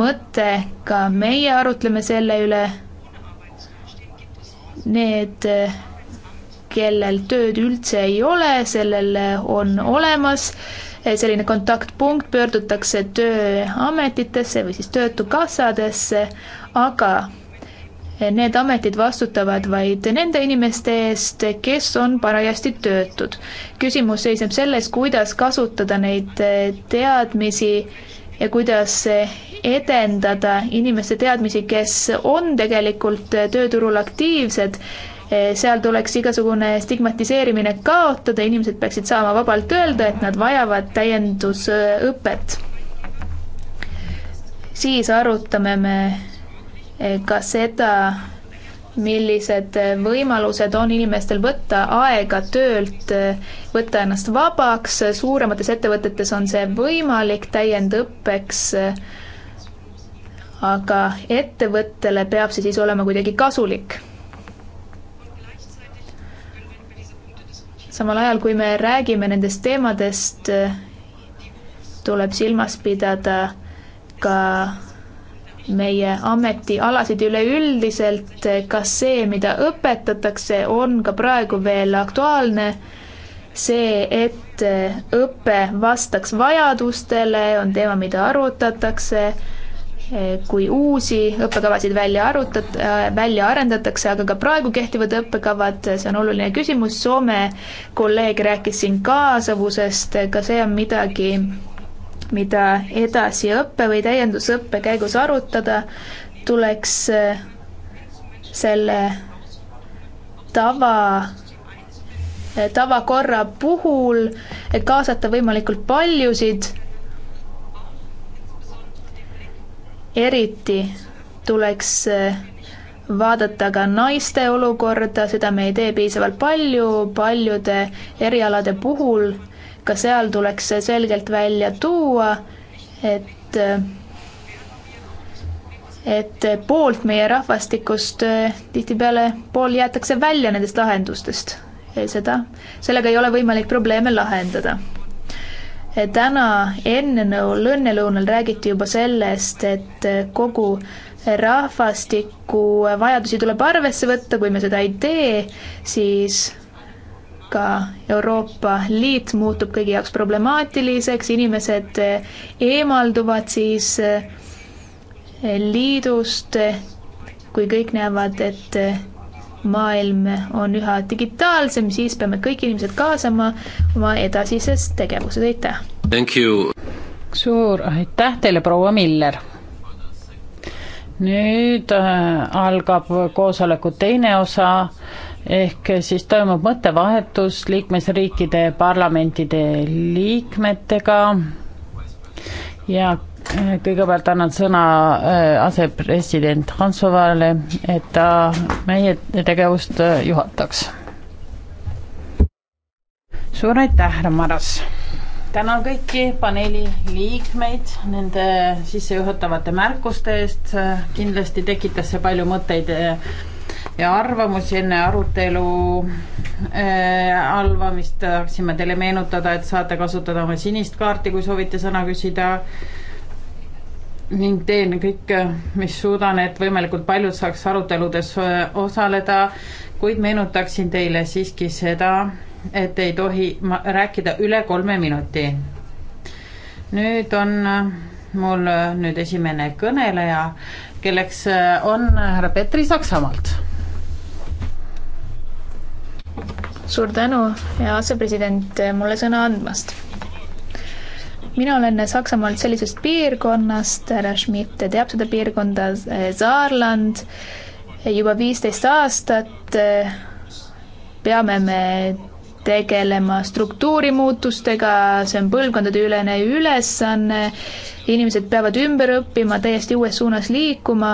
mõte, ka meie arutleme selle üle. Need, kellel tööd üldse ei ole, sellel on olemas selline kontaktpunkt, pöördutakse tööametitesse või siis töötukassadesse, aga Need ametid vastutavad vaid nende inimeste eest, kes on parajasti töötud. küsimus seisneb selles, kuidas kasutada neid teadmisi ja kuidas edendada inimeste teadmisi, kes on tegelikult tööturul aktiivsed. seal tuleks igasugune stigmatiseerimine kaotada, inimesed peaksid saama vabalt öelda, et nad vajavad täiendusõpet. siis arutame me ka seda, millised võimalused on inimestel võtta aega töölt, võtta ennast vabaks, suuremates ettevõtetes on see võimalik täiendõppeks, aga ettevõttele peab see siis olema kuidagi kasulik. samal ajal, kui me räägime nendest teemadest, tuleb silmas pidada ka meie ametialasid üleüldiselt, kas see, mida õpetatakse, on ka praegu veel aktuaalne? see, et õpe vastaks vajadustele, on teema, mida arutatakse, kui uusi õppekavasid välja arutat-, välja arendatakse, aga ka praegu kehtivad õppekavad, see on oluline küsimus, Soome kolleeg rääkis siin kaasavusest, ka see on midagi, mida edasi õppe või täiendusõppe käigus arutada, tuleks eh, selle tava, eh, tavakorra puhul kaasata võimalikult paljusid. eriti tuleks eh, vaadata ka naiste olukorda, seda me ei tee piisavalt palju, paljude erialade puhul ka seal tuleks see selgelt välja tuua, et, et poolt meie rahvastikust eh, tihtipeale pool jäetakse välja nendest lahendustest. seda, sellega ei ole võimalik probleeme lahendada. täna ennenõul, õnnelõunal räägiti juba sellest, et kogu rahvastiku vajadusi tuleb arvesse võtta, kui me seda ei tee, siis ka Euroopa Liit muutub kõigi jaoks problemaatiliseks, inimesed eemalduvad siis eh, liidust, kui kõik näevad, et eh, maailm on üha digitaalsem, siis peame kõik inimesed kaasama oma edasises tegevuses, aitäh! suur aitäh teile, proua Miller! nüüd eh, algab koosoleku teine osa ehk siis toimub mõttevahetus liikmesriikide parlamentide liikmetega ja äh, kõigepealt annan sõna äh, asepresident Hansovale, et ta meie tegevust äh, juhataks. suur aitäh, härra Maras! tänan kõiki paneeli liikmeid nende sissejuhatavate märkuste eest, kindlasti tekitas see palju mõtteid arvamusi enne arutelu äh, alvamist tahaksime teile meenutada, et saate kasutada oma sinist kaarti, kui soovite sõna küsida. ning teen kõik, mis suudan, et võimalikult paljud saaks aruteludes äh, osaleda, kuid meenutaksin teile siiski seda, et ei tohi rääkida üle kolme minuti. nüüd on äh, mul äh, nüüd esimene kõneleja, kelleks on härra Petri Saksamaalt suur tänu, hea asepresident, mulle sõna andmast. mina olen Saksamaalt sellisest piirkonnast, härra Schmidt teab seda piirkonda, Saarland, juba viisteist aastat eh, peame me tegelema struktuurimuutustega, see on põlvkondadeülene ülesanne, inimesed peavad ümber õppima, täiesti uues suunas liikuma,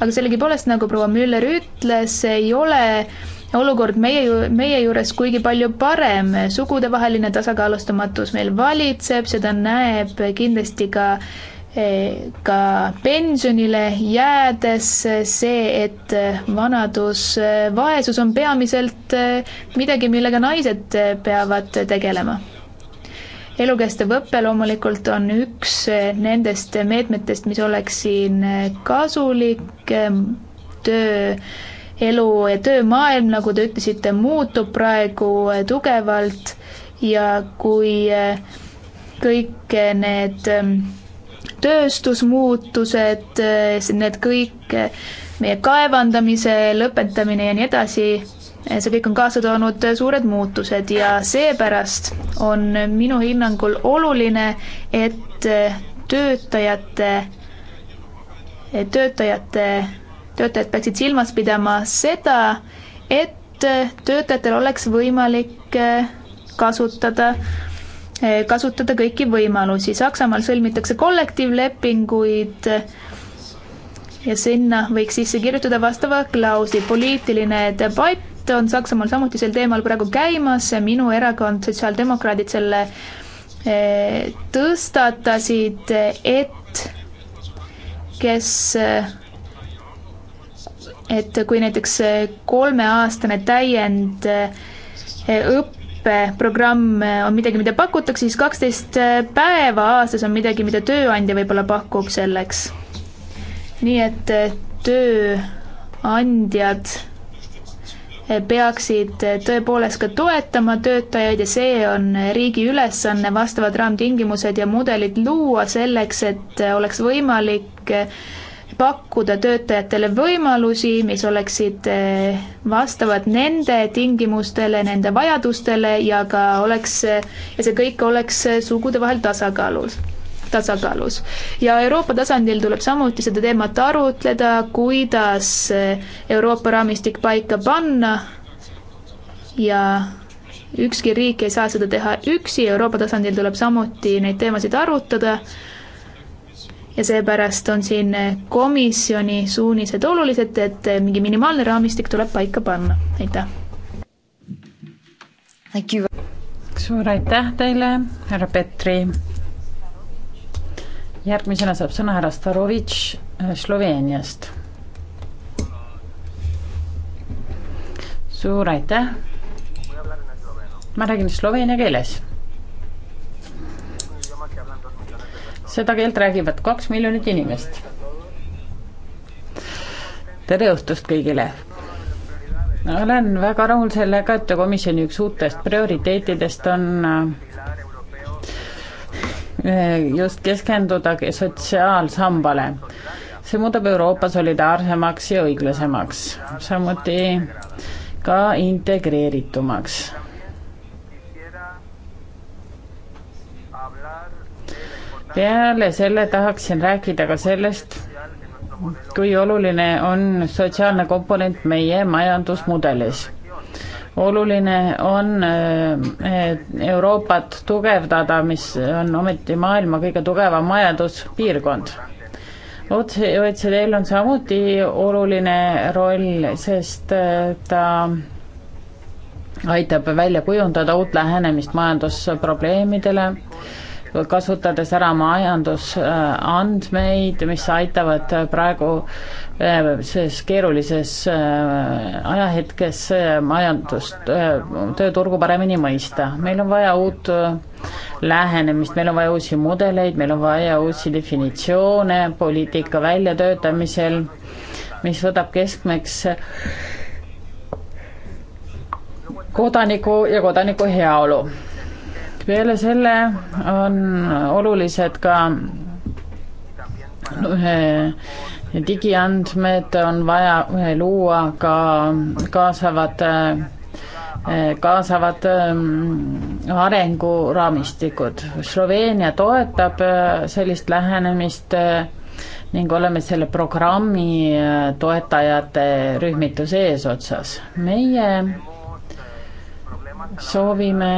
aga sellegipoolest, nagu proua Müller ütles, ei ole olukord meie ju, meie juures kuigi palju parem, sugudevaheline tasakaalustamatus meil valitseb, seda näeb kindlasti ka ka pensionile jäädes see, et vanadusvaesus on peamiselt midagi, millega naised peavad tegelema elukestev õpe loomulikult on üks nendest meetmetest, mis oleks siin kasulik töö elu ja töömaailm, nagu te ütlesite, muutub praegu eh, tugevalt ja kui eh, kõik eh, need ehm, tööstusmuutused, need kõik, meie kaevandamise lõpetamine ja nii edasi, see kõik on kaasa toonud suured muutused ja seepärast on minu hinnangul oluline, et töötajate, töötajate töötajad peaksid silmas pidama seda, et töötajatel oleks võimalik eh, kasutada, eh, kasutada kõiki võimalusi. Saksamaal sõlmitakse kollektiivlepinguid eh, ja sinna võiks sisse kirjutada vastava klausli. poliitiline debatt on Saksamaal samuti sel teemal praegu käimas, minu erakond, sotsiaaldemokraadid, selle tõstatasid, et kes et kui näiteks kolmeaastane täiendõppeprogramm eh, on midagi, mida pakutakse, siis kaksteist eh, päeva aastas on midagi, mida tööandja võib-olla pakub selleks. nii et eh, tööandjad peaksid tõepoolest ka toetama töötajaid ja see on riigi ülesanne, vastavad raamtingimused ja mudelid luua selleks, et oleks võimalik pakkuda töötajatele võimalusi, mis oleksid eh, vastavad nende tingimustele, nende vajadustele ja ka oleks, ja see kõik oleks sugude vahel tasakaalus tasakaalus. ja Euroopa tasandil tuleb samuti seda teemat arutleda, kuidas eh, Euroopa raamistik paika panna ja ükski riik ei saa seda teha üksi, Euroopa tasandil tuleb samuti neid teemasid arutada ja seepärast on siin komisjoni suunised olulised, et mingi minimaalne raamistik tuleb paika panna, aitäh. suur aitäh teile, härra Petri. järgmisena saab sõna härra Starovitš äh, Sloveeniast. suur aitäh. ma räägin sloveenia keeles seda keelt räägivad kaks miljonit inimest. tere õhtust kõigile! olen väga rahul sellega, et komisjoni üks uutest prioriteetidest on äh, just keskenduda sotsiaalsambale. see muudab Euroopa solidaarsemaks ja õiglasemaks, samuti ka integreeritumaks peale selle tahaksin rääkida ka sellest, kui oluline on sotsiaalne komponent meie majandusmudelis. oluline on eh, Euroopat tugevdada, mis on ometi maailma kõige tugevam majanduspiirkond. otse, OECD-l on samuti oluline roll, sest eh, ta aitab välja kujundada uut lähenemist majandusprobleemidele kasutades ära majandusandmeid, mis aitavad praegu äh, selles keerulises äh, ajahetkes äh, majandust, tööturgu paremini mõista. meil on vaja uut lähenemist, meil on vaja uusi mudeleid, meil on vaja uusi definitsioone poliitika väljatöötamisel, mis võtab keskmeks kodaniku ja kodaniku heaolu peale selle on olulised ka digiandmed, on vaja luua ka kaasavad, eh, kaasavad ehm, arenguraamistikud. Sloveenia toetab eh, sellist lähenemist eh, ning oleme selle programmi toetajate rühmituse eesotsas. meie soovime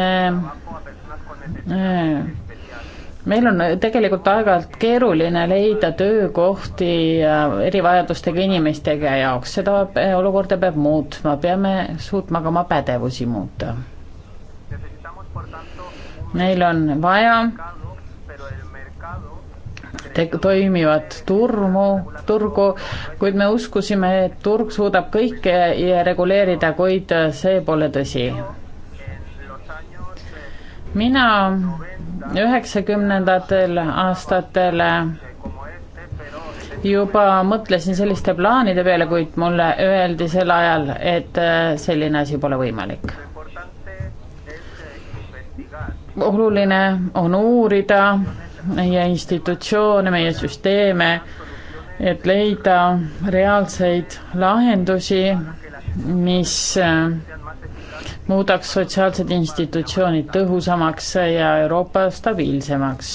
meil on tegelikult aeg-ajalt keeruline leida töökohti äh, erivajadustega inimestega jaoks, seda äh, olukorda peab muutma, peame suutma ka oma pädevusi muuta. meil on vaja toimivat turmu, turgu, kuid me uskusime, et turg suudab kõike reguleerida, kuid äh, see pole tõsi mina üheksakümnendatel aastatel juba mõtlesin selliste plaanide peale, kuid mulle öeldi sel ajal, et äh, selline asi pole võimalik. oluline on uurida meie institutsioone, meie süsteeme, et leida reaalseid lahendusi, mis äh, muudaks sotsiaalsed institutsioonid tõhusamaks ja Euroopa stabiilsemaks.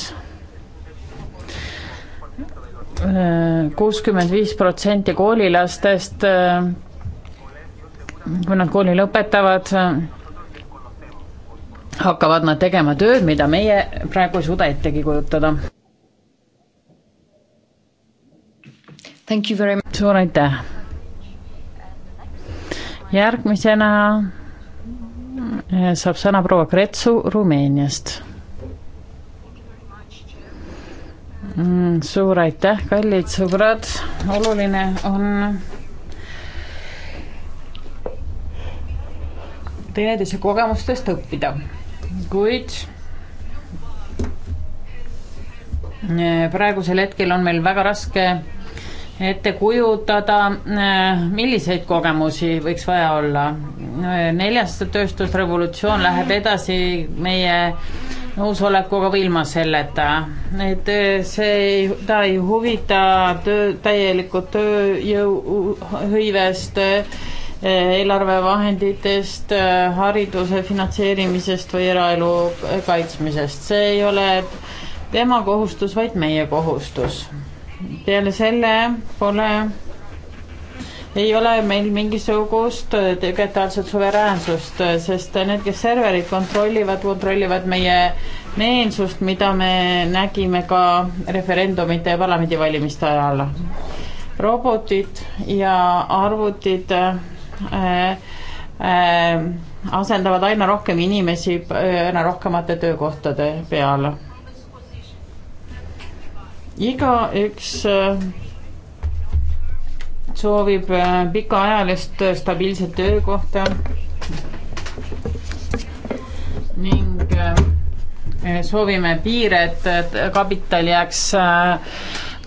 kuuskümmend viis protsenti koolilastest, kui nad kooli lõpetavad, hakkavad nad tegema tööd, mida meie praegu ei suuda ettegi kujutada. suur aitäh! järgmisena Eh, saab sõna proua Kretsu Rumeeniast. Mm, suur aitäh, kallid sõbrad, oluline on teineteise kogemustest õppida, kuid eh, praegusel hetkel on meil väga raske ette kujutada, äh, milliseid kogemusi võiks vaja olla. Äh, neljas tööstusrevolutsioon läheb edasi meie nõusolekuga või ilma selleta. et äh, see ei, ta ei huvita töö, täielikult tööjõuhõivest, eelarvevahenditest, hariduse finantseerimisest või eraelu kaitsmisest. see ei ole tema kohustus, vaid meie kohustus peale selle pole, ei ole meil mingisugust digitaalset suveräänsust, sest need, kes serverit kontrollivad, kontrollivad meie meelsust, mida me nägime ka referendumite ja parlamendivalimiste ajal. robotid ja arvutid äh, äh, asendavad aina rohkem inimesi äh, aina rohkemate töökohtade peal igaüks äh, soovib äh, pikaajalist äh, stabiilset töökohta ning soovime piire, et kapital jääks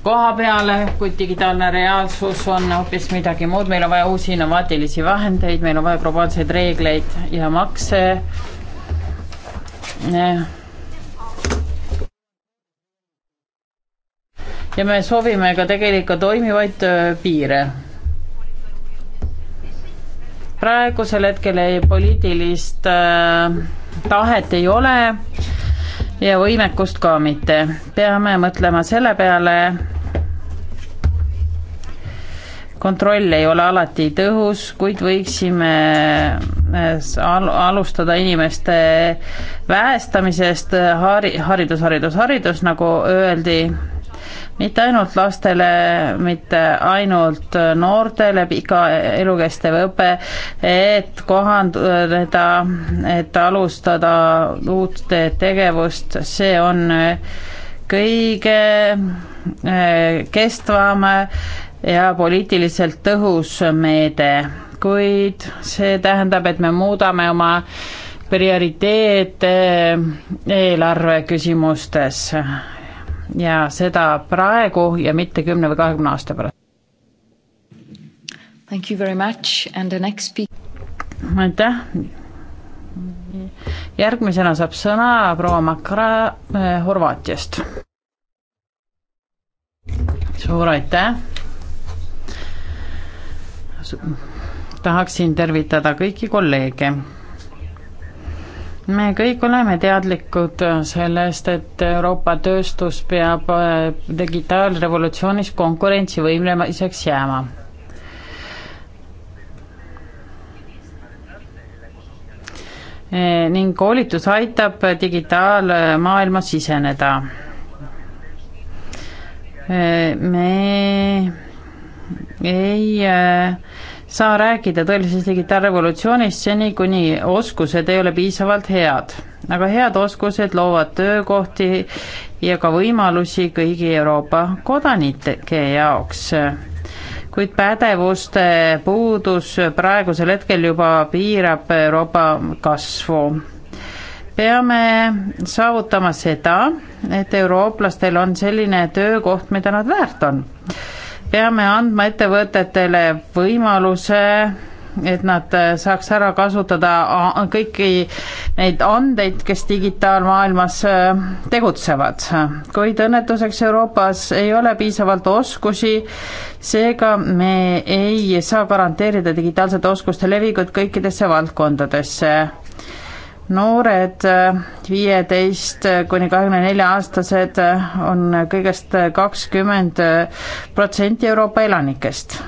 koha peale, kuid digitaalne reaalsus on hoopis midagi muud, meil on vaja uusi innovaatilisi vahendeid, meil on vaja globaalseid reegleid ja makse ja me soovime ka tegelikult toimivaid piire. praegusel hetkel ei, poliitilist äh, tahet ei ole ja võimekust ka mitte. peame mõtlema selle peale, kontroll ei ole alati tõhus, kuid võiksime alustada inimeste väestamisest, hari-, haridus, haridus, haridus, nagu öeldi mitte ainult lastele, mitte ainult noortele, pika elukestev õpe, et kohandada, et alustada uut tegevust, see on kõige eh, kestvam ja poliitiliselt tõhus meede, kuid see tähendab, et me muudame oma prioriteete eelarve küsimustes ja seda praegu ja mitte kümne või kahekümne aasta pärast. Thank you very much and the next speaker. aitäh. järgmisena saab sõna proua Makra eh, Horvaatiast. suur aitäh. tahaksin tervitada kõiki kolleege me kõik oleme teadlikud sellest, et Euroopa tööstus peab äh, digitaalrevolutsioonis konkurentsivõimlemiseks jääma. Äh, ning koolitus aitab digitaalmaailma siseneda. Äh, me ei saa rääkida tõelisest digitaalrevolutsioonist seni, kuni oskused ei ole piisavalt head. aga head oskused loovad töökohti ja ka võimalusi kõigi Euroopa kodanike jaoks. kuid pädevuste puudus praegusel hetkel juba piirab Euroopa kasvu peame saavutama seda, et eurooplastel on selline töökoht, mida nad väärt on peame andma ettevõtetele võimaluse et nad äh, saaks ära kasutada kõiki neid andeid, kes digitaalmaailmas äh, tegutsevad. kuid õnnetuseks Euroopas ei ole piisavalt oskusi, seega me ei saa garanteerida digitaalsete oskuste levikut kõikidesse valdkondadesse noored, viieteist kuni kahekümne nelja aastased on kõigest kakskümmend protsenti Euroopa elanikest.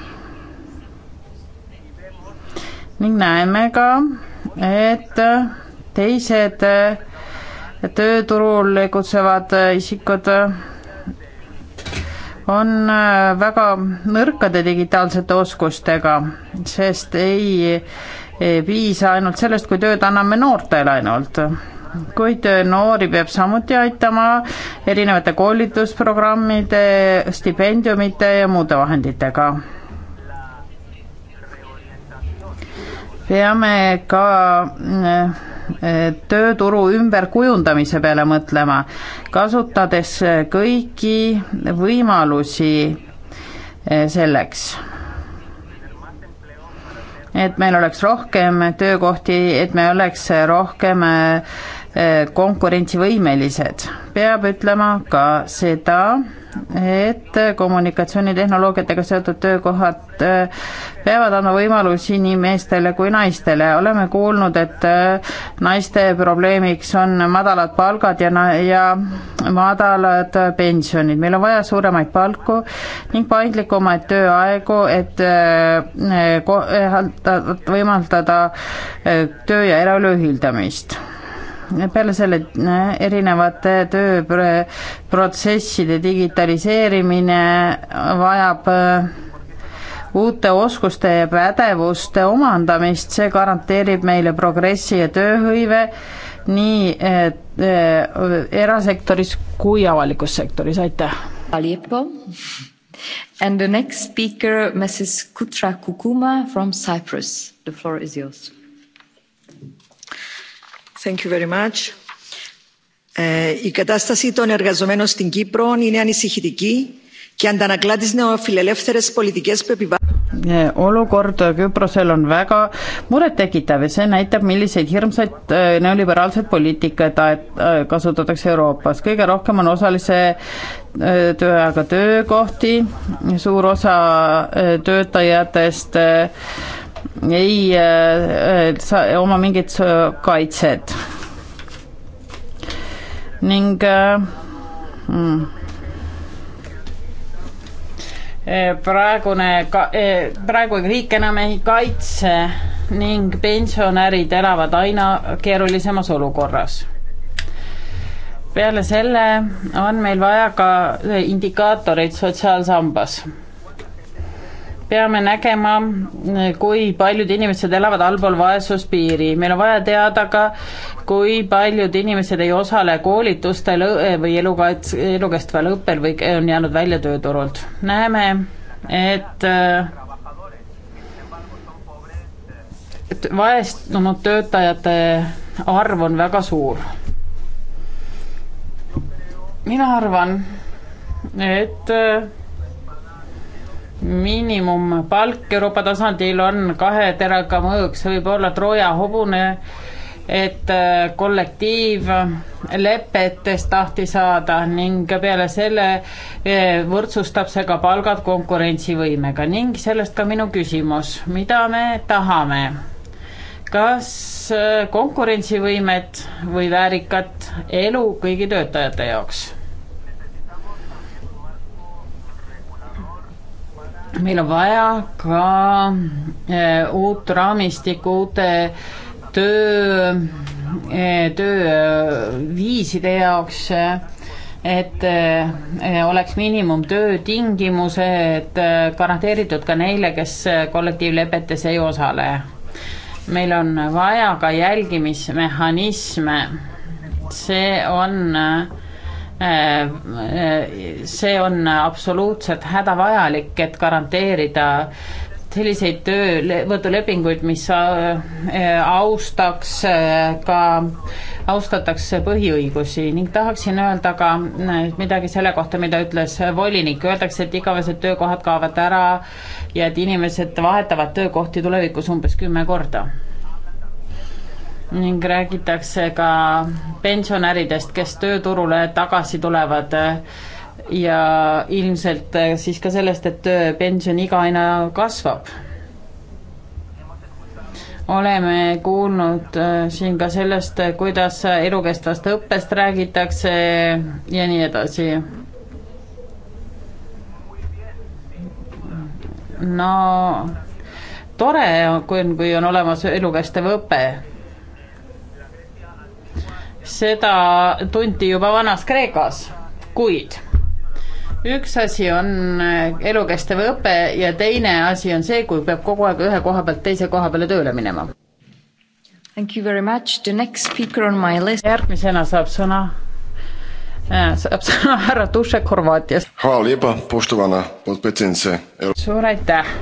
ning näeme ka, et teised tööturul tegutsevad isikud on väga nõrkade digitaalsete oskustega, sest ei ei piisa ainult sellest, kui tööd anname noortele ainult kuid noori peab samuti aitama erinevate koolitusprogrammide, stipendiumite ja muude vahenditega. peame ka äh, tööturu ümberkujundamise peale mõtlema, kasutades kõiki võimalusi äh, selleks et meil oleks rohkem töökohti, et me oleks rohkem äh, Eh, konkurentsivõimelised. peab ütlema ka seda, et kommunikatsioonitehnoloogiatega seotud töökohad eh, peavad andma võimalusi nii meestele kui naistele. oleme kuulnud, et eh, naiste probleemiks on madalad palgad ja, ja madalad pensionid. meil on vaja suuremaid palku ning paindlikumaid tööaegu, et võimaldada töö ja eraelu ühildamist peale selle äh, erinevate tööprotsesside digitaliseerimine vajab äh, uute oskuste ja pädevuste omandamist, see garanteerib meile progressi ja tööhõive nii äh, erasektoris kui avalikus sektoris, aitäh. And the next speaker, Mrs Kutra Kukuma from Cyprus, the floor is yours η κατάσταση των εργαζομένων στην κύπρο είναι ανησυχητική και αντανακλά τις νεοφιλελεύθερες πολιτικές που επιβάλλουν olukord Küprosel on väga murettekitav ja see näitab, milliseid hirmsaid neoliberaalseid poliitikaid kasutatakse Euroopas. kõige rohkem on osalise tööajaga töökohti, suur osa töötajatest ei äh, äh, saa oma mingit äh, kaitset. ning mm, praegune ka,, praegu riik enam ei kaitse ning pensionärid elavad aina keerulisemas olukorras. peale selle on meil vaja ka indikaatoreid sotsiaalsambas peame nägema, kui paljud inimesed elavad allpool vaesuspiiri. meil on vaja teada ka, kui paljud inimesed ei osale koolitustel või elukaits-, elukestval õppel või on jäänud välja tööturult. näeme, et et vaestunud töötajate arv on väga suur. mina arvan, et miinimumpalk Euroopa tasandil on kahe teraga mõõks, võib olla Trooja hobune, et äh, kollektiivlepetest lahti saada ning peale selle äh, võrdsustab see ka palgad konkurentsivõimega ning sellest ka minu küsimus, mida me tahame? kas äh, konkurentsivõimet või väärikat elu kõigi töötajate jaoks? meil on vaja ka eh, uut raamistikku, uute töö, eh, tööviiside jaoks, eh, et oleks miinimumtöö tingimused garanteeritud ka neile, kes kollektiivlepetes ei osale. meil on vaja ka jälgimismehhanisme, see on äh, Äh, äh, see on absoluutselt hädavajalik, et garanteerida selliseid töövõtulepinguid, mis äh, austaks ka, austatakse põhiõigusi ning tahaksin öelda ka midagi selle kohta, mida ütles volinik, öeldakse, et igavesed töökohad kaovad ära ja et inimesed vahetavad töökohti tulevikus umbes kümme korda ning räägitakse ka pensionäridest, kes tööturule tagasi tulevad ja ilmselt siis ka sellest, et pensioniiga aina kasvab. oleme kuulnud äh, siin ka sellest, kuidas elukestvast õppest räägitakse ja nii edasi. no tore, kui on, kui on olemas elukestev õpe seda tunti juba Vanas-Kreekas, kuid üks asi on elukestev õpe ja teine asi on see, kui peab kogu aeg ühe koha pealt teise koha peale tööle minema. Thank you very much, the next speaker on my list. järgmisena saab sõna äh,, saab sõna härra Dušek Horvaatiast. suur aitäh.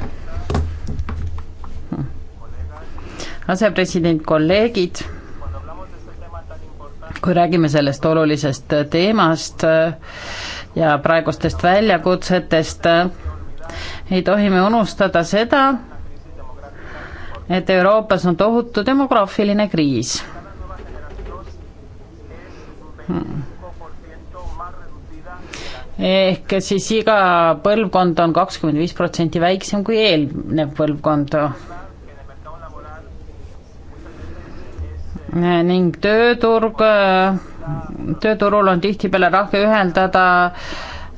asepresident, kolleegid kui räägime sellest olulisest teemast äh, ja praegustest väljakutsetest, äh, ei tohi me unustada seda, et Euroopas on tohutu demograafiline kriis hmm.. ehk siis iga põlvkond on kakskümmend viis protsenti väiksem kui eelnev põlvkond ning tööturg, tööturul on tihtipeale raske ühendada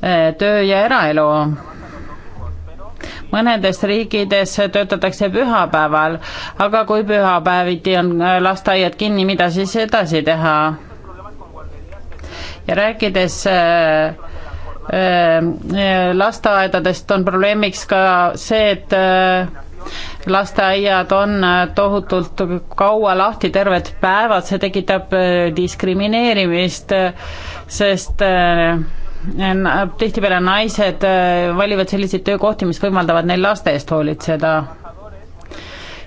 eh, töö ja eraelu. mõnedes riikides töötatakse pühapäeval, aga kui pühapäeviti on eh, lasteaiad kinni, mida siis edasi teha? ja rääkides eh, lasteaedadest on probleemiks ka see, et lasteaiad on äh, tohutult kaua lahti, terved päevad, see tekitab äh, diskrimineerimist, äh, sest tihtipeale naised valivad selliseid töökohti, mis võimaldavad neil laste eest hoolitseda.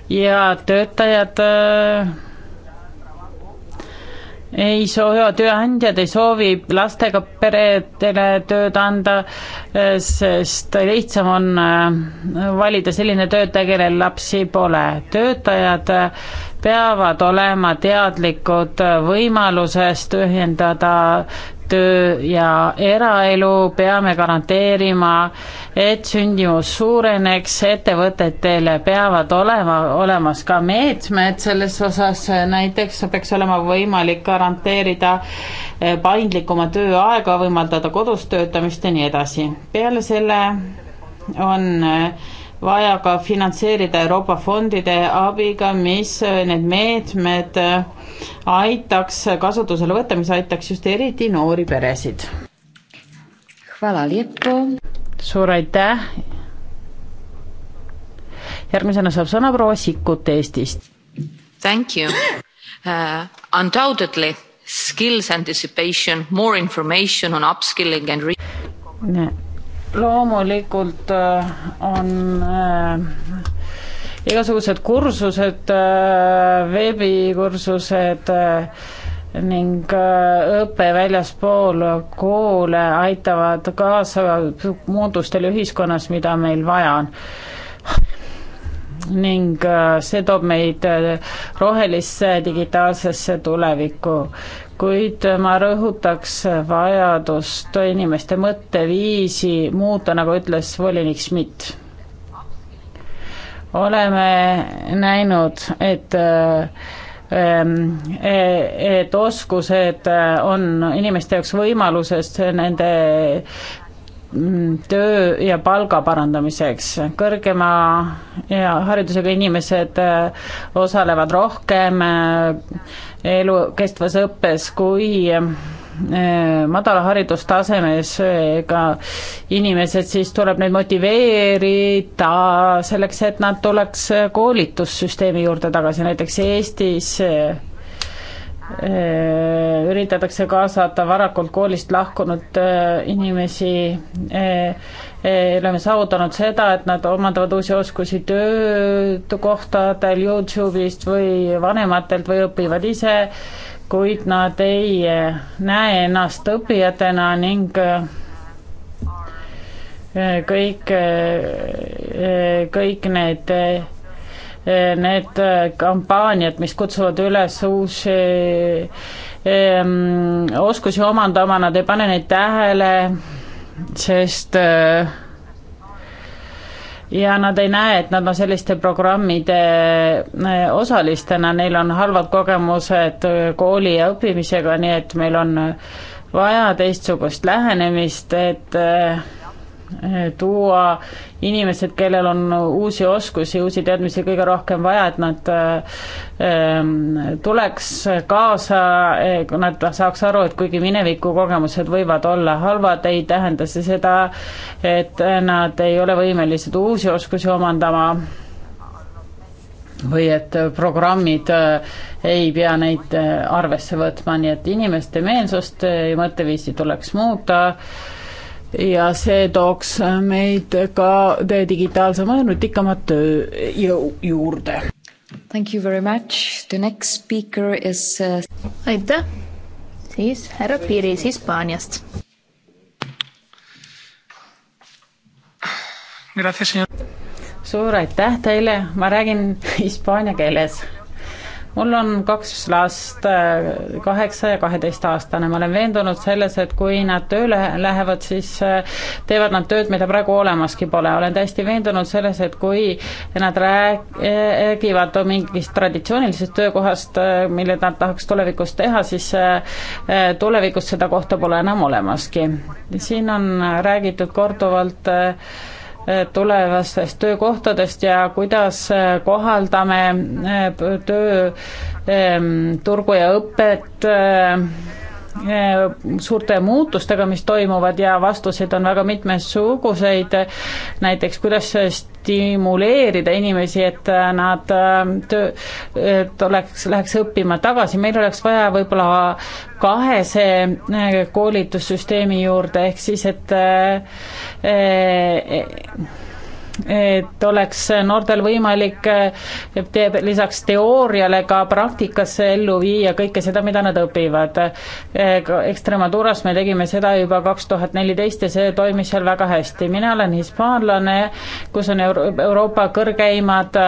ja töötajad ei soovi, tööandjad ei soovi lastega peredele tööd anda, eh, sest lihtsam on eh, valida selline töötaja, kellel lapsi pole. töötajad eh, peavad olema teadlikud võimalusest ühendada töö ja eraelu, peame garanteerima, et sündimus suureneks, ettevõtetel peavad olema olemas ka meetmed selles osas, näiteks peaks olema võimalik garanteerida eh, paindlikuma tööaega, võimaldada kodus töötamist ja nii edasi. peale selle on äh, vaja ka finantseerida Euroopa fondide abiga, mis äh, need meetmed äh, aitaks kasutusele võtta, mis aitaks just eriti noori peresid. suur aitäh. järgmisena saab sõna proua Sikkut Eestist. Thank you uh,. Undoubtedly skills anticipation, more information on upskilling and re- loomulikult äh, on äh, igasugused kursused, äh, veebikursused ning õpe väljaspool koole aitavad kaasa muutustele ühiskonnas, mida meil vaja on. ning see toob meid rohelisse digitaalsesse tulevikku kuid ma rõhutaks vajadust inimeste mõtteviisi muuta, nagu ütles volinik Schmidt. oleme näinud, et ähm, e, et oskused on inimeste jaoks võimalusest nende mm, töö ja palga parandamiseks. kõrgema ja haridusega inimesed äh, osalevad rohkem elukestvas õppes, kui eh, madala haridustasemesega inimesed, siis tuleb neid motiveerida selleks, et nad tuleks koolitussüsteemi juurde tagasi, näiteks Eestis eh, üritatakse kaasata varakult koolist lahkunud eh, inimesi Eh, oleme saavutanud seda, et nad omandavad uusi oskusi töökohtadel, Youtube'ist või vanematelt või õpivad ise, kuid nad ei eh, näe ennast õppijatena ning eh, kõik, kõik need, need kampaaniad, mis kutsuvad üles uusi mm, oskusi omandama, nad ei pane neid tähele sest äh, ja nad ei näe, et nad on selliste programmide äh, osalistena, neil on halvad kogemused äh, kooli ja õppimisega, nii et meil on vaja teistsugust lähenemist, et tuua inimesed, kellel on uusi oskusi, uusi teadmisi kõige rohkem vaja, et nad ähm, tuleks kaasa, eh, nad saaks aru, et kuigi minevikukogemused võivad olla halvad, ei tähenda see seda, et nad ei ole võimelised uusi oskusi omandama või et programmid eh, ei pea neid eh, arvesse võtma, nii et inimeste meelsust ja mõtteviisi tuleks muuta ja see tooks meid ka digitaalse maailma tikamat tööjõu juurde. Thank you very much, the next speaker is uh.... aitäh, siis härra Piris Hispaaniast. suur aitäh teile, ma räägin hispaania keeles mul on kaks last, äh, kaheksa ja kaheteistaastane, ma olen veendunud selles, et kui nad tööle lähevad, siis äh, teevad nad tööd, mida praegu olemaski pole, olen täiesti veendunud selles, et kui nad räägivad mingist traditsioonilisest töökohast, äh, mille nad tahaks tulevikus teha, siis tulevikus seda kohta pole enam olemaski. siin on räägitud korduvalt äh, tulevastest töökohtadest ja kuidas äh, kohaldame äh, tööturgu ähm, ja õpet äh, Eh, suurte muutustega, mis toimuvad ja vastuseid on väga mitmesuguseid, näiteks kuidas stimuleerida inimesi, et eh, nad eh, töö, et oleks, läheks õppima tagasi, meil oleks vaja võib-olla kahese koolitussüsteemi juurde, ehk siis et eh, eh, et oleks noortel võimalik teeb lisaks teooriale ka praktikasse ellu viia kõike seda, mida nad õpivad. Extremaduras me tegime seda juba kaks tuhat neliteist ja see toimis seal väga hästi. mina olen hispaanlane, kus on Euro Euroopa kõrgeimad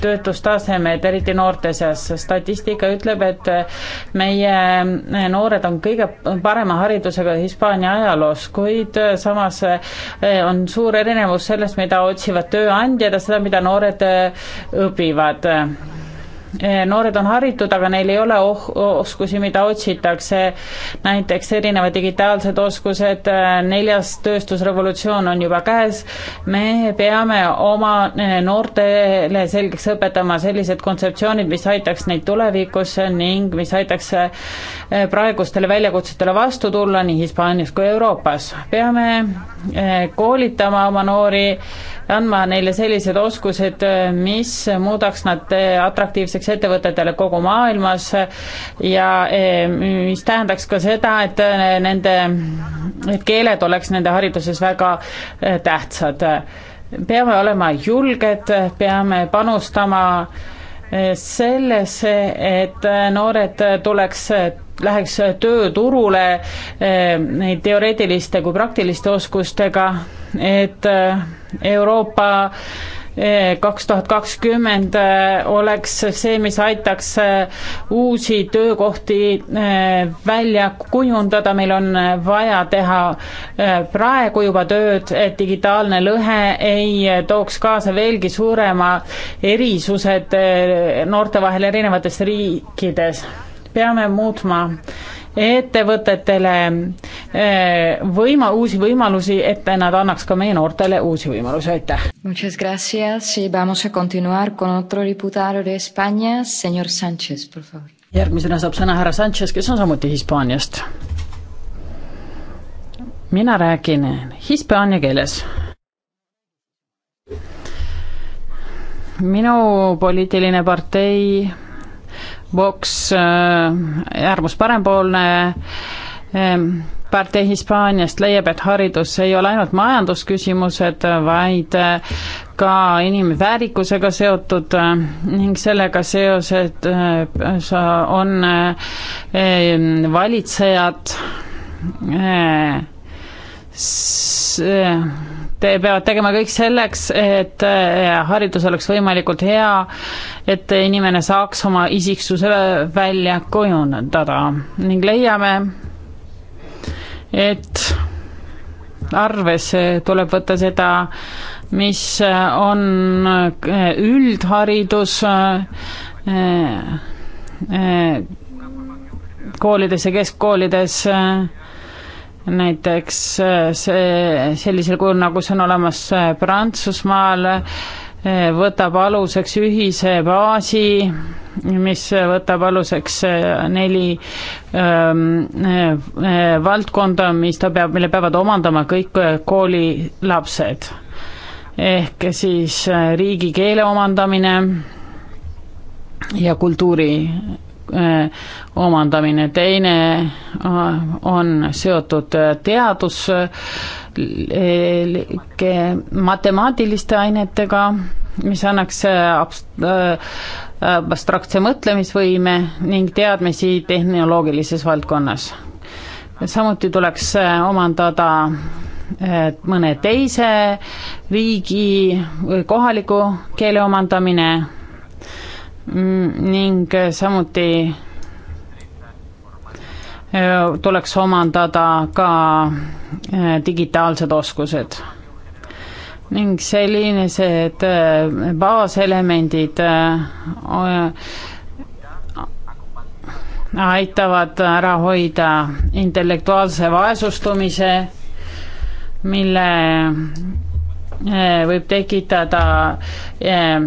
töötustasemed, eriti noorte seas. statistika ütleb, et meie noored on kõige parema haridusega Hispaania ajaloos, kuid samas eh, on suur erinevus sellest, mida otsivad tööandjad ja seda, mida noored eh, õpivad Eh, noored on haritud, aga neil ei ole oh-, oskusi, mida otsitakse. näiteks erinevad digitaalsed oskused, eh, neljas tööstusrevolutsioon on juba käes. me peame oma eh, noortele selgeks õpetama sellised kontseptsioonid, mis aitaks neid tulevikus ning mis aitaks praegustele väljakutsetele vastu tulla nii Hispaanias kui Euroopas. peame koolitama oma noori andma neile sellised oskused, mis muudaks nad atraktiivseks ettevõtetele kogu maailmas ja eh, mis tähendaks ka seda, et eh, nende, et keeled oleks nende hariduses väga eh, tähtsad. peame olema julged, peame panustama sellesse, et noored tuleks, läheks tööturule nii teoreetiliste kui praktiliste oskustega, et Euroopa eh, kaks tuhat kakskümmend eh, oleks see, mis aitaks eh, uusi töökohti välja kujundada, meil on vaja teha praegu juba tööd, et digitaalne lõhe ei tooks kaasa veelgi suurema erisused noorte vahel erinevates riikides. peame muutma ettevõtetele eh, võima-, uusi võimalusi, et nad annaks ka meie noortele uusi võimalusi, aitäh! Muchas gracias y vamos a continuar con otro diputado de España, señor Sanchez, por favor. järgmisena saab sõna härra Sanchez, kes on samuti Hispaaniast. mina räägin hispaania keeles. minu poliitiline partei Vox, äh, äärmus parempoolne äh, partei Hispaaniast leiab, et haridus ei ole ainult majandusküsimused, vaid äh, ka inimväärikusega seotud ning sellega seoses on valitsejad see peavad tegema kõik selleks, et eh, haridus oleks võimalikult hea, et inimene saaks oma isiksuse välja kujundada ning leiame, et arvesse tuleb võtta seda, mis on eh, üldharidus eh, koolides ja keskkoolides näiteks äh, see sellisel kujul, nagu see on olemas äh, Prantsusmaal, äh, võtab aluseks ühise baasi, mis võtab aluseks neli öö, ähm, valdkonda, mis ta peab, mille peavad omandama kõik koolilapsed. ehk siis riigikeele omandamine ja kultuuri Äh, omandamine, teine äh, on seotud äh, teadus, matemaatiliste ainetega, mis annaks abstraktse mõtlemisvõime ning teadmisi tehnoloogilises valdkonnas. samuti tuleks omandada mõne teise riigi või kohaliku keele omandamine Mm, ning samuti äh, tuleks omandada ka äh, digitaalsed oskused. ning sellised äh, baaselemendid aitavad ära hoida intellektuaalse vaesustumise, mille Eh, võib tekitada eh,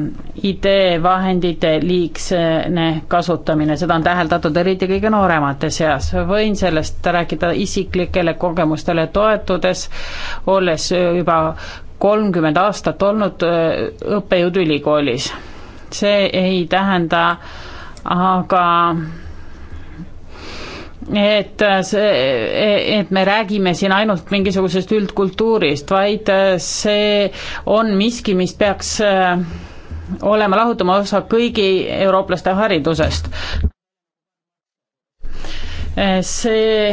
IT-vahendite liigsene kasutamine, seda on täheldatud eriti kõige nooremate seas. võin sellest rääkida isiklikele kogemustele toetudes, olles juba kolmkümmend aastat olnud eh, õppejõud ülikoolis. see ei tähenda aga et äh, see, äh, et me räägime siin ainult mingisugusest üldkultuurist, vaid äh, see on miski, mis peaks olema lahutama osa kõigi eurooplaste haridusest. see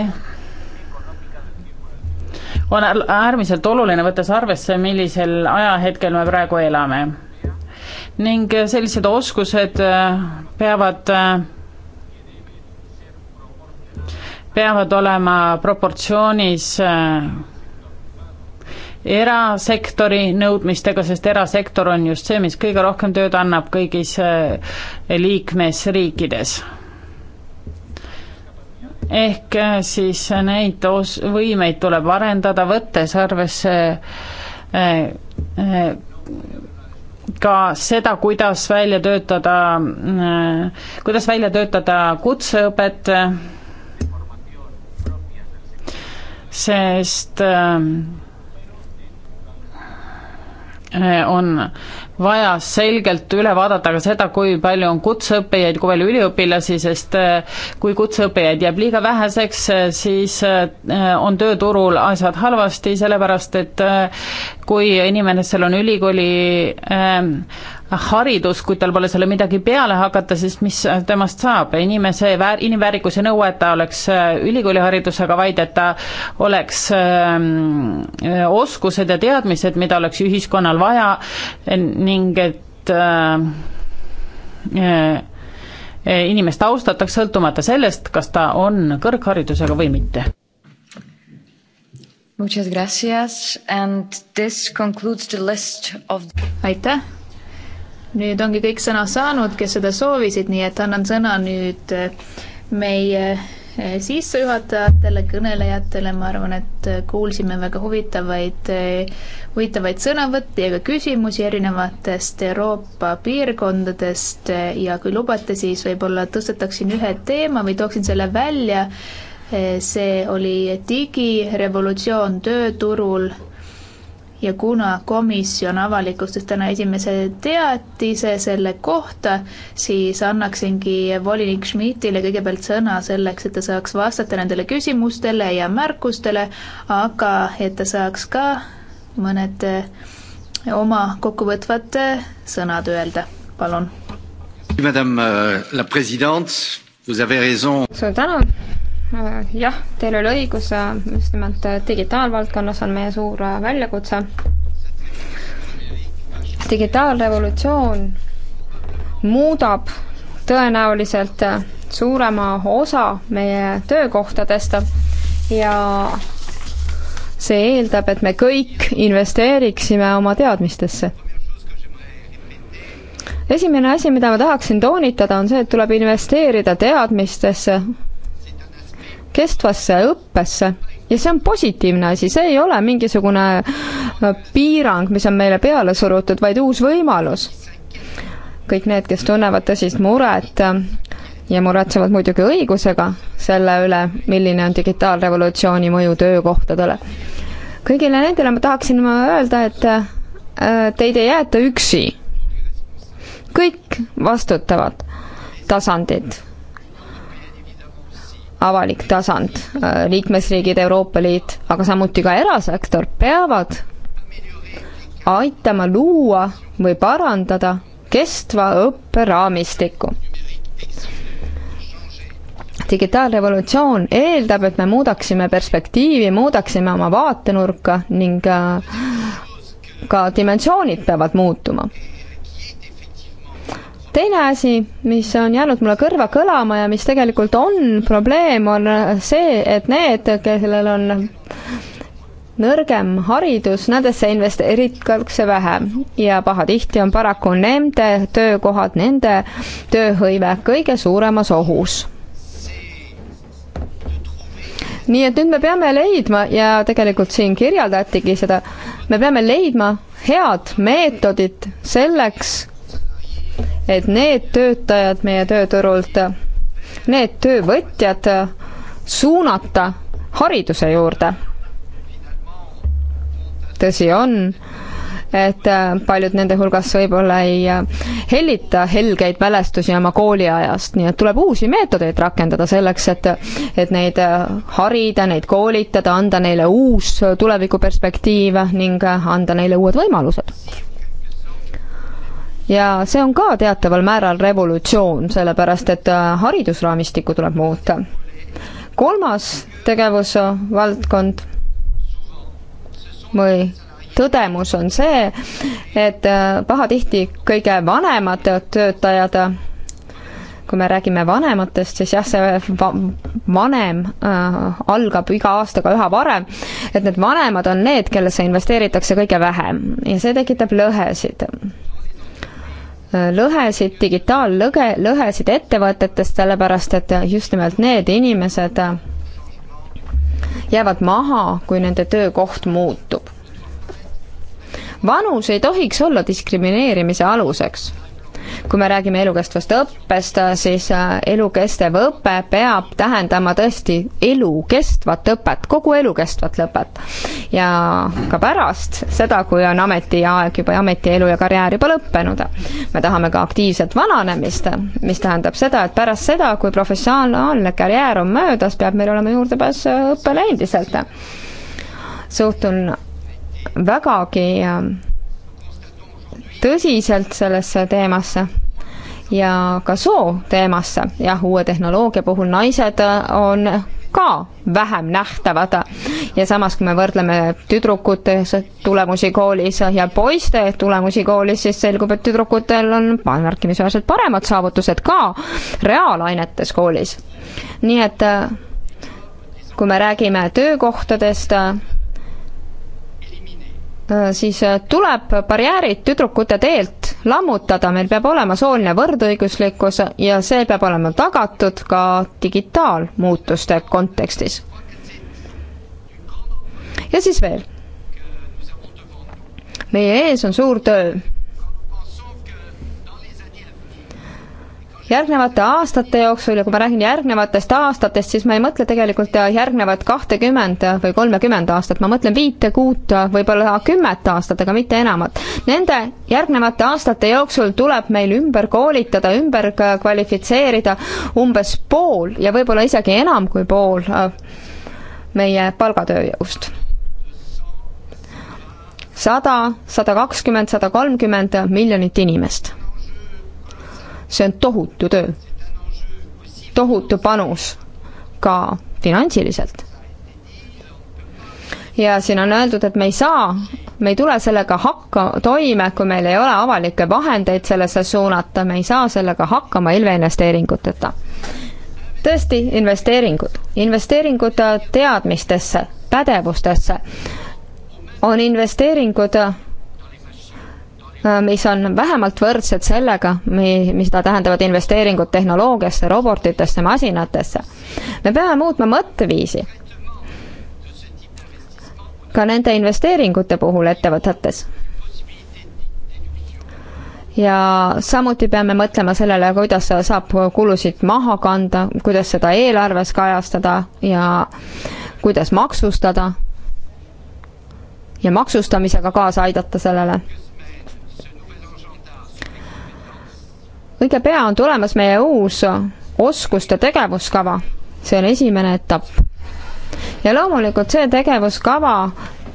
on äärmiselt oluline, võttes arvesse, millisel ajahetkel me praegu elame. ning sellised oskused peavad peavad olema proportsioonis äh, erasektori nõudmistega, sest erasektor on just see, mis kõige rohkem tööd annab kõigis äh, liikmesriikides. ehk äh, siis neid os-, võimeid tuleb arendada, võttes arvesse ka seda, kuidas välja töötada, kuidas välja töötada kutseõpet sest ähm, äh, on vaja selgelt üle vaadata ka seda, kui palju on kutseõppijaid, kui palju üliõpilasi, sest äh, kui kutseõppijaid jääb liiga väheseks, äh, siis äh, on tööturul asjad halvasti, sellepärast et kui inimesel on ülikooli ähm, haridus, kui tal pole selle midagi peale hakata, siis mis temast saab, inimese väär-, inimväärikuse nõue, et ta oleks ülikooliharidusega, vaid et ta oleks öö, ähm, oskused ja teadmised, mida oleks ühiskonnal vaja, ning et äh, äh, inimest austataks sõltumata sellest, kas ta on kõrgharidusega või mitte. Muchas gracias and this concludes the list of aitäh! nüüd ongi kõik sõna saanud, kes seda soovisid, nii et annan sõna nüüd äh, meie Eh, sissejuhatajatele, kõnelejatele, ma arvan, et eh, kuulsime väga huvitavaid, eh, huvitavaid sõnavõtte ja ka küsimusi erinevatest Euroopa piirkondadest ja kui lubate, siis võib-olla tõstetaksin ühe teema või tooksin selle välja, see oli digirevolutsioon tööturul ja kuna komisjon avalikustas täna esimese teatise selle kohta, siis annaksingi volinik Schmidtile kõigepealt sõna selleks, et ta saaks vastata nendele küsimustele ja märkustele, aga et ta saaks ka mõned eh, oma kokkuvõtvad eh, sõnad öelda, palun. Madame euh, la présidente, vous avez raison. suur tänu Äh, jah, teil oli õigus, äh, just nimelt äh, digitaalvaldkonnas on meie suur väljakutse. digitaalrevolutsioon muudab tõenäoliselt suurema osa meie töökohtadest ja see eeldab, et me kõik investeeriksime oma teadmistesse. esimene asi, mida ma tahaksin toonitada, on see, et tuleb investeerida teadmistesse kestvasse õppesse ja see on positiivne asi, see ei ole mingisugune äh, piirang, mis on meile peale surutud, vaid uus võimalus. kõik need, kes tunnevad tõsist muret äh, ja muretsevad muidugi õigusega selle üle, milline on digitaalrevolutsiooni mõju töökohtadele. kõigile nendele ma tahaksin ma öelda, et äh, teid ei jäeta üksi. kõik vastutavad tasandid avalik tasand, äh, liikmesriigid, Euroopa Liit, aga samuti ka erasektor peavad aitama luua või parandada kestva õppe raamistikku. digitaalrevolutsioon eeldab, et me muudaksime perspektiivi, muudaksime oma vaatenurka ning äh, ka dimensioonid peavad muutuma teine asi, mis on jäänud mulle kõrva kõlama ja mis tegelikult on probleem, on see, et need, kellel on nõrgem haridus, nendesse investeeritakse vähem ja pahatihti on paraku nende töökohad, nende tööhõive kõige suuremas ohus. nii et nüüd me peame leidma ja tegelikult siin kirjeldatigi seda, me peame leidma head meetodit selleks, et need töötajad meie tööturult, need töövõtjad suunata hariduse juurde. tõsi on, et paljud nende hulgas võib-olla ei hellita helgeid mälestusi oma kooliajast, nii et tuleb uusi meetodeid rakendada selleks, et et neid harida, neid koolitada, anda neile uus tulevikuperspektiiv ning anda neile uued võimalused ja see on ka teataval määral revolutsioon, sellepärast et äh, haridusraamistikku tuleb muuta. kolmas tegevusvaldkond või tõdemus on see, et äh, pahatihti kõige vanemad töötajad kui me räägime vanematest, siis jah, see va vanem äh, algab iga aastaga üha varem, et need vanemad on need, kellesse investeeritakse kõige vähem ja see tekitab lõhesid lõhesid, digitaallõge, lõhesid ettevõtetest, sellepärast et just nimelt need inimesed äh, jäävad maha, kui nende töökoht muutub. vanus ei tohiks olla diskrimineerimise aluseks kui me räägime elukestvast õppest, siis äh, elukestev õpe peab tähendama tõesti elukestvat õpet, kogu elukestvat lõpet. ja ka pärast seda, kui on ametiaeg juba, ametielu ja karjäär juba lõppenud. me tahame ka aktiivset vananemist, mis tähendab seda, et pärast seda, kui professionaalne karjäär on möödas, peab meil olema juurdepääs äh, õppele endiselt. suhtun vägagi äh, tõsiselt sellesse teemasse ja ka soo teemasse. jah, uue tehnoloogia puhul naised äh, on ka vähem nähtavad ja samas, kui me võrdleme tüdrukute tulemusi koolis ja poiste tulemusi koolis, siis selgub, et tüdrukutel on märkimisväärselt paremad saavutused ka reaalainetes koolis. nii et äh, kui me räägime töökohtadest, Äh, siis äh, tuleb barjäärid tüdrukute teelt lammutada, meil peab olema sooline võrdõiguslikkus ja see peab olema tagatud ka digitaalmuutuste kontekstis. ja siis veel. meie ees on suur töö järgnevate aastate jooksul ja kui ma räägin järgnevatest aastatest, siis ma ei mõtle tegelikult järgnevat kahtekümmend või kolmekümmend aastat, ma mõtlen viite, kuut, võib-olla kümmet aastat, aga mitte enamat. Nende järgnevate aastate jooksul tuleb meil ümber koolitada, ümber kvalifitseerida umbes pool ja võib-olla isegi enam kui pool äh, meie palgatööjõust sada, sada kakskümmend, sada kolmkümmend miljonit inimest see on tohutu töö, tohutu panus ka finantsiliselt. ja siin on öeldud, et me ei saa, me ei tule sellega hakka, toime, kui meil ei ole avalikke vahendeid sellesse suunata, me ei saa sellega hakkama ilma investeeringuteta. tõesti, investeeringud, investeeringud teadmistesse, pädevustesse on investeeringud Äh, mis on vähemalt võrdsed sellega, mi-, mida tähendavad investeeringud tehnoloogiasse, robotitesse, masinatesse. me peame muutma mõtteviisi ka nende investeeringute puhul ettevõtetes. ja samuti peame mõtlema sellele, kuidas saab kulusid maha kanda, kuidas seda eelarves kajastada ja kuidas maksustada ja maksustamisega kaasa aidata sellele õige pea on tulemas meie uus oskuste tegevuskava, see on esimene etapp. ja loomulikult see tegevuskava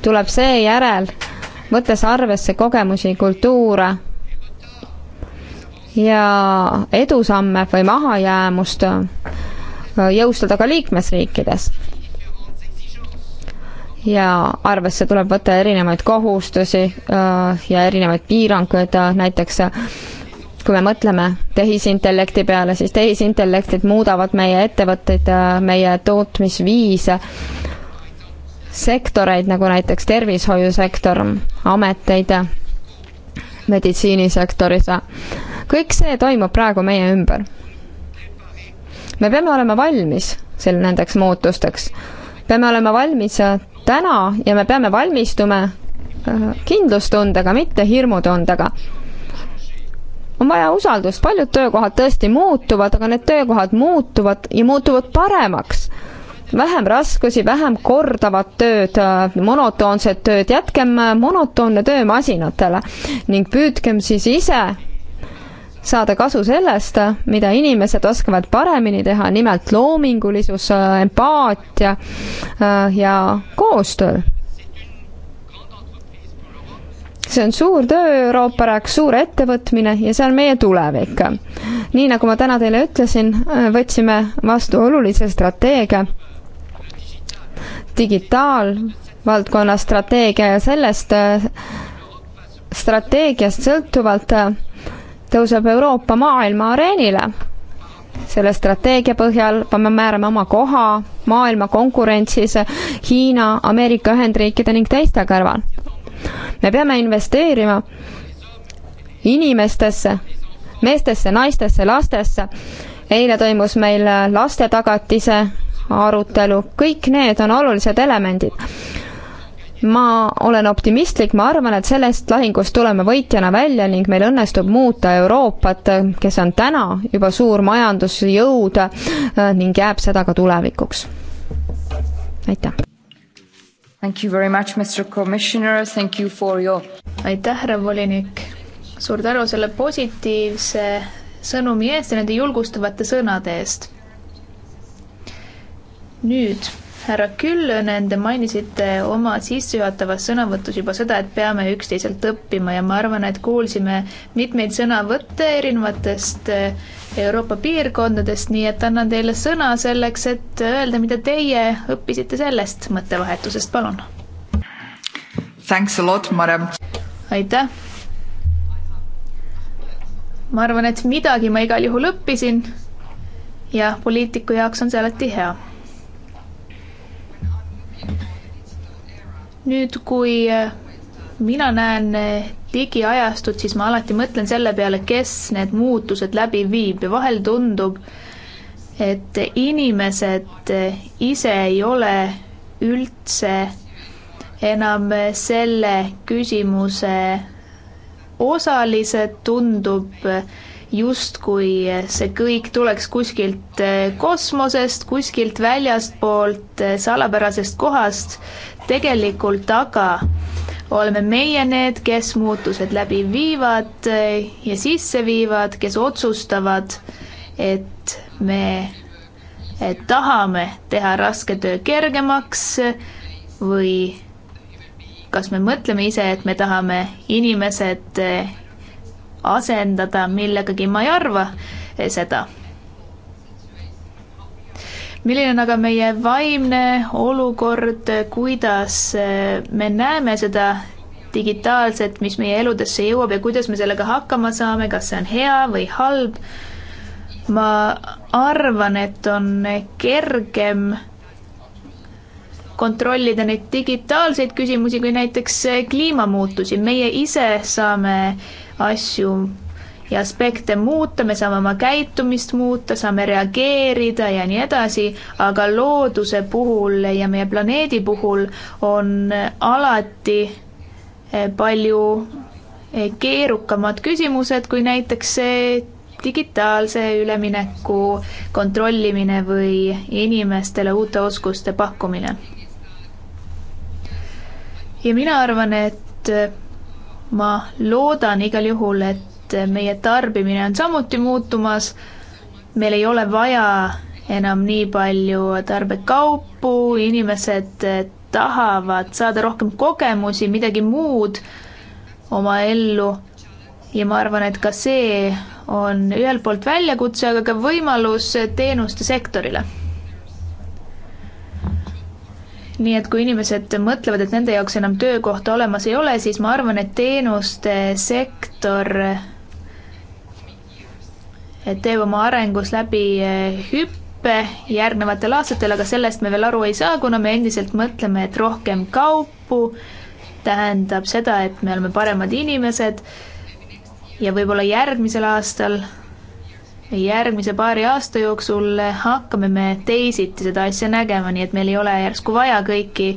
tuleb seejärel, võttes arvesse kogemusi, kultuure ja edusamme või mahajäämust, jõustada ka liikmesriikides. ja arvesse tuleb võtta erinevaid kohustusi ja erinevaid piiranguid, näiteks kui me mõtleme tehisintellekti peale, siis tehisintellektid muudavad meie ettevõtteid, meie tootmisviise, sektoreid, nagu näiteks tervishoiusektor, ameteid, meditsiinisektoris, kõik see toimub praegu meie ümber. me peame olema valmis sel-, nendeks muutusteks. peame olema valmis äh, täna ja me peame valmistuma äh, kindlustundega, mitte hirmutundega on vaja usaldust, paljud töökohad tõesti muutuvad, aga need töökohad muutuvad ja muutuvad paremaks. vähem raskusi, vähem kordavat tööd, monotoonset tööd, jätkem monotoonne töö masinatele ning püüdkem siis ise saada kasu sellest, mida inimesed oskavad paremini teha, nimelt loomingulisus, empaatia äh, ja koostöö see on suur töö Euroopa jaoks, suur ettevõtmine ja see on meie tulevik. nii nagu ma täna teile ütlesin, võtsime vastu olulise strateegia digitaalvaldkonna strateegia ja sellest äh, strateegiast sõltuvalt äh, tõuseb Euroopa maailma areenile. selle strateegia põhjal peame määrama oma koha maailma konkurentsis Hiina, Ameerika Ühendriikide ning teiste kõrval me peame investeerima inimestesse, meestesse, naistesse, lastesse. eile toimus meil äh, laste tagatise arutelu, kõik need on olulised elemendid. ma olen optimistlik, ma arvan, et sellest lahingust tuleme võitjana välja ning meil õnnestub muuta Euroopat, äh, kes on täna juba suur majandusjõud äh, ning jääb seda ka tulevikuks. aitäh! Thank you very much, Mr Commissioner, thank you for your. aitäh, härra volinik. suur tänu selle positiivse sõnumi eest ja nende julgustavate sõnade eest. nüüd, härra Küllönen, te mainisite oma sissejuhatavas sõnavõtus juba seda, et peame üksteiselt õppima ja ma arvan, et kuulsime mitmeid sõnavõtte erinevatest Euroopa piirkondadest, nii et annan teile sõna selleks, et öelda, mida teie õppisite sellest mõttevahetusest, palun. Thanks a lot, Marem. aitäh. ma arvan, et midagi ma igal juhul õppisin ja poliitiku jaoks on see alati hea. nüüd, kui mina näen digiajastut, siis ma alati mõtlen selle peale, kes need muutused läbi viib ja vahel tundub, et inimesed ise ei ole üldse enam selle küsimuse osalised, tundub justkui see kõik tuleks kuskilt kosmosest, kuskilt väljastpoolt salapärasest kohast, tegelikult aga oleme meie need, kes muutused läbi viivad eh, ja sisse viivad, kes otsustavad, et me et tahame teha raske töö kergemaks või kas me mõtleme ise, et me tahame inimesed eh, asendada millegagi, ma ei arva eh, seda milline on aga meie vaimne olukord, kuidas eh, me näeme seda digitaalset, mis meie eludesse jõuab ja kuidas me sellega hakkama saame, kas see on hea või halb. ma arvan, et on kergem kontrollida neid digitaalseid küsimusi kui näiteks eh, kliimamuutusi, meie ise saame asju ja aspekte muuta, me saame oma käitumist muuta, saame reageerida ja nii edasi, aga looduse puhul ja meie planeedi puhul on alati eh, palju eh, keerukamad küsimused kui näiteks see digitaalse ülemineku kontrollimine või inimestele uute oskuste pakkumine. ja mina arvan, et eh, ma loodan igal juhul, et et meie tarbimine on samuti muutumas, meil ei ole vaja enam nii palju tarbekaupu, inimesed tahavad saada rohkem kogemusi, midagi muud oma ellu ja ma arvan, et ka see on ühelt poolt väljakutse, aga ka võimalus teenuste sektorile. nii et kui inimesed mõtlevad, et nende jaoks enam töökohta olemas ei ole, siis ma arvan, et teenuste sektor teeb oma arengus läbi eh, hüppe järgnevatel aastatel, aga sellest me veel aru ei saa, kuna me endiselt mõtleme, et rohkem kaupu tähendab seda, et me oleme paremad inimesed ja võib-olla järgmisel aastal, järgmise paari aasta jooksul hakkame me teisiti seda asja nägema, nii et meil ei ole järsku vaja kõiki,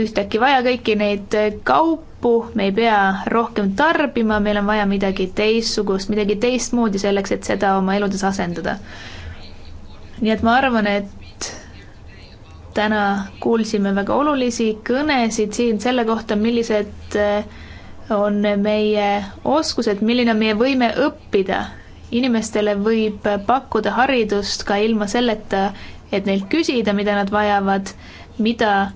ühtäkki vaja kõiki neid kaup-, lõppu, me ei pea rohkem tarbima, meil on vaja midagi teistsugust, midagi teistmoodi selleks, et seda oma eludes asendada. nii et ma arvan, et täna kuulsime väga olulisi kõnesid siin selle kohta, millised eh, on meie oskused, milline on meie võime õppida. inimestele võib pakkuda haridust ka ilma selleta, et neilt küsida, mida nad vajavad, mida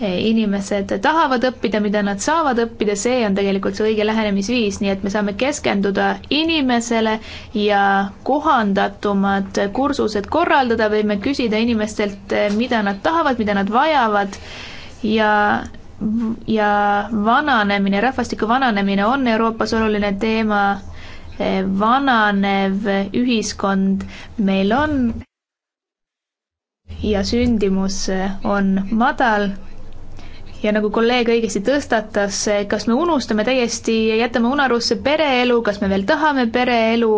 inimesed tahavad õppida, mida nad saavad õppida, see on tegelikult see õige lähenemisviis, nii et me saame keskenduda inimesele ja kohandatumad kursused korraldada, võime küsida inimestelt, mida nad tahavad, mida nad vajavad ja ja vananemine, rahvastiku vananemine on Euroopas oluline teema, vananev ühiskond meil on ja sündimus on madal ja nagu kolleeg õigesti tõstatas, kas me unustame täiesti, jätame unarusse pereelu, kas me veel tahame pereelu,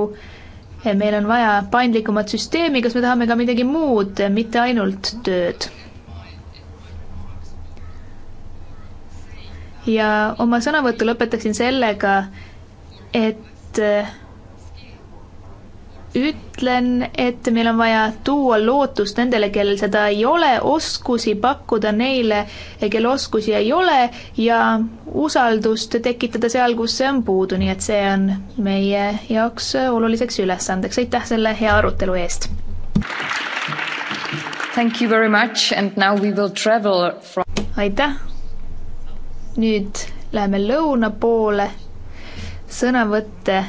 meil on vaja paindlikumat süsteemi, kas me tahame ka midagi muud, mitte ainult tööd. ja oma sõnavõttu lõpetaksin sellega, et ütlen, et meil on vaja tuua lootust nendele, kellel seda ei ole, oskusi pakkuda neile, kel oskusi ei ole ja usaldust tekitada seal, kus see on puudu, nii et see on meie jaoks oluliseks ülesandeks. aitäh selle hea arutelu eest! Thank you very much and now we will travel from aitäh! nüüd läheme lõuna poole, sõnavõtte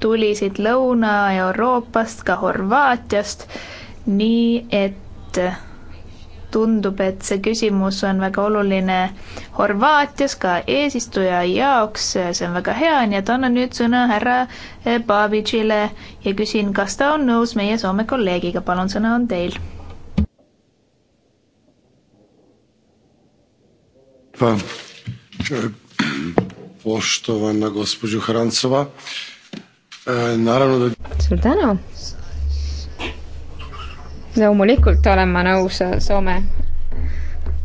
tulisid Lõuna-Euroopast, ka Horvaatiast, nii et tundub, et see küsimus on väga oluline Horvaatias ka eesistuja jaoks, see on väga hea, nii et annan nüüd sõna härra Babicile ja küsin, kas ta on nõus meie Soome kolleegiga, palun, sõna on teil. [CLEARS THROAT] poštovana gospođo Hrancova suur tänu! loomulikult olen ma nõus äh, Soome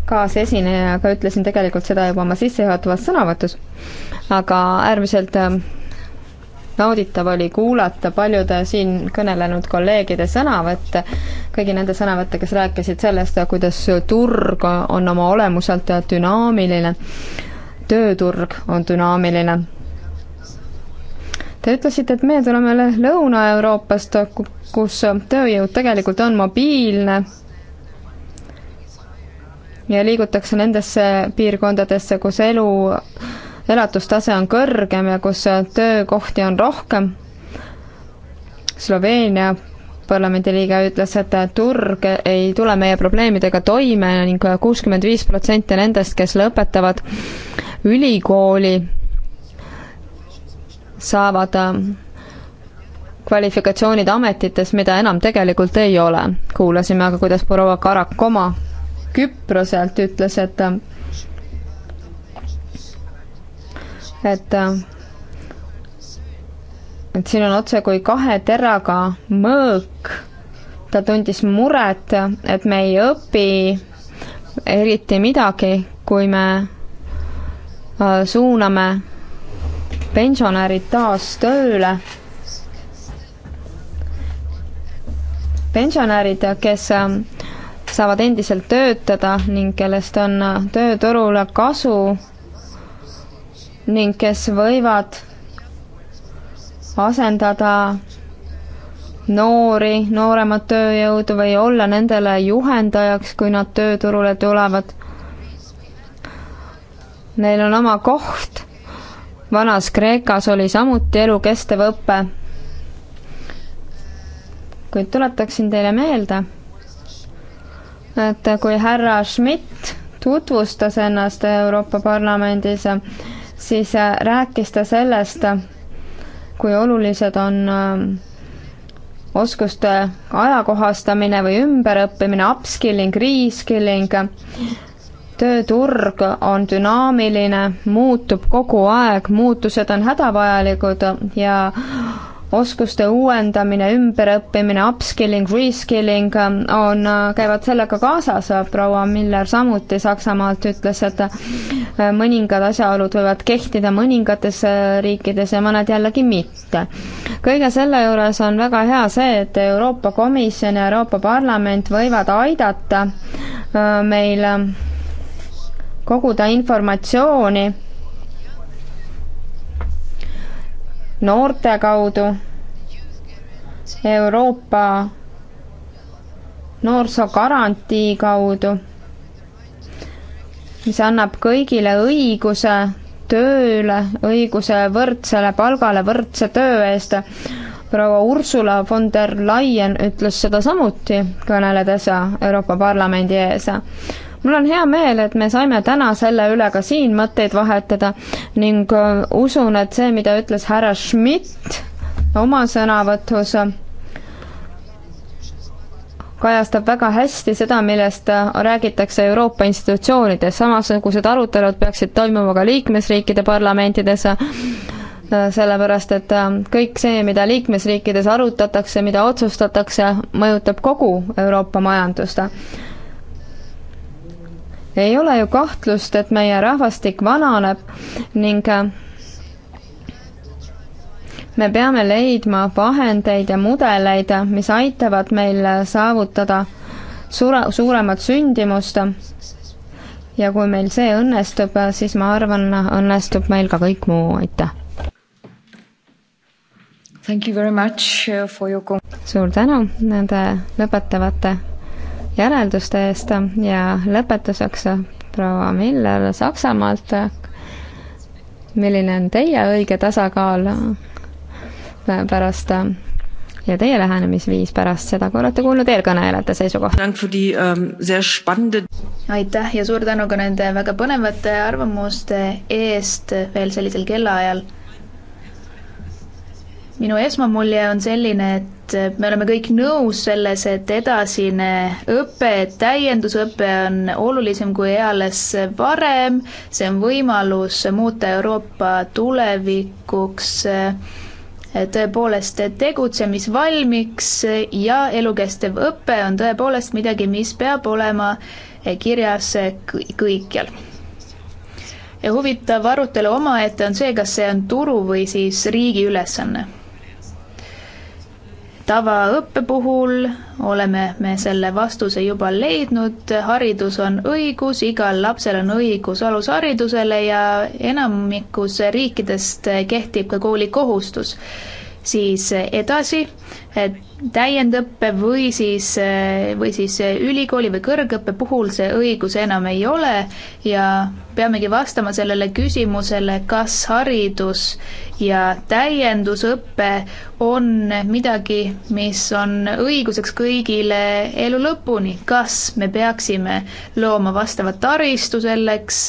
kaasesinejaga, ütlesin tegelikult seda juba oma sissejuhatavas sõnavõtus, aga äärmiselt ähm, nauditav oli kuulata paljude siin kõnelenud kolleegide sõnavõtte, kõigi nende sõnavõtte, kes rääkisid sellest, kuidas turg on oma olemuselt dünaamiline, tööturg on dünaamiline Te ütlesite, et meie tuleme Lõuna-Euroopast, kus tööjõud tegelikult on mobiilne ja liigutakse nendesse piirkondadesse, kus elu, elatustase on kõrgem ja kus töökohti on rohkem. Sloveenia parlamendiliige ütles, et turg ei tule meie probleemidega toime ning kuuskümmend viis protsenti nendest, kes lõpetavad ülikooli, saavad ähm, kvalifikatsioonid ametites, mida enam tegelikult ei ole. kuulasime aga, kuidas proua Karakoma Küproselt ütles, et ähm, et ähm, et siin on otse kui kahe teraga mõõk, ta tundis muret, et me ei õpi eriti midagi, kui me äh, suuname pensionärid taas tööle. pensionärid, kes ähm, saavad endiselt töötada ning kellest on äh, tööturule kasu ning kes võivad asendada noori, nooremat tööjõudu või olla nendele juhendajaks, kui nad tööturule tulevad. Neil on oma koht vanas Kreekas oli samuti elukestev õpe, kuid tuletaksin teile meelde, et kui härra Schmidt tutvustas ennast Euroopa Parlamendis, siis rääkis ta sellest, kui olulised on ähm, oskuste ajakohastamine või ümberõppimine, upskilling, reskilling tööturg on dünaamiline, muutub kogu aeg, muutused on hädavajalikud ja oskuste uuendamine, ümberõppimine, upskilling, reskilling on, käivad sellega kaasas, proua Miller samuti Saksamaalt ütles, et äh, mõningad asjaolud võivad kehtida mõningates äh, riikides ja mõned jällegi mitte. kõige selle juures on väga hea see, et Euroopa Komisjon ja Euroopa Parlament võivad aidata äh, meil koguda informatsiooni noorte kaudu Euroopa noorsoogarantii kaudu, mis annab kõigile õiguse tööle, õiguse võrdsele palgale võrdse töö eest. proua Ursula von der Leyen ütles seda samuti, kõneledes Euroopa Parlamendi ees mul on hea meel, et me saime täna selle üle ka siin mõtteid vahetada ning äh, usun, et see, mida ütles härra Schmidt oma sõnavõtus, kajastab väga hästi seda, millest äh, räägitakse Euroopa institutsioonides, samasugused arutelud peaksid toimuma ka liikmesriikide parlamentides, äh, sellepärast et kõik see, mida liikmesriikides arutatakse, mida otsustatakse, mõjutab kogu Euroopa majandust ei ole ju kahtlust, et meie rahvastik vananeb ning äh, me peame leidma vahendeid ja mudeleid, mis aitavad meil äh, saavutada suure, suuremat sündimust. ja kui meil see õnnestub, äh, siis ma arvan, õnnestub meil ka kõik muu, aitäh. Uh, suur tänu nende lõpetavate järelduste eest ja lõpetuseks proua Miller Saksamaalt. milline on teie õige tasakaal pärast ja teie lähenemisviis pärast seda, kui olete kuulnud eelkõnelejate seisukohta. Ähm, aitäh ja suur tänu ka nende väga põnevate arvamuste eest veel sellisel kellaajal minu esmamulje on selline, et me oleme kõik nõus selles, et edasine õpe, täiendusõpe on olulisem kui eales varem, see on võimalus muuta Euroopa tulevikuks tõepoolest tegutsemisvalmiks ja elukestev õpe on tõepoolest midagi, mis peab olema kirjas kõikjal ja huvitav arutelu omaette on see, kas see on turu või siis riigi ülesanne tavaõppe puhul oleme me selle vastuse juba leidnud, haridus on õigus, igal lapsel on õigus alusharidusele ja enamikus riikidest kehtib ka koolikohustus siis eh, edasi eh, täiendõppe või siis, eh, või siis ülikooli või kõrgõppe puhul see õigus enam ei ole ja peamegi vastama sellele küsimusele, kas haridus ja täiendusõpe on midagi, mis on õiguseks kõigile elu lõpuni, kas me peaksime looma vastavat taristu selleks,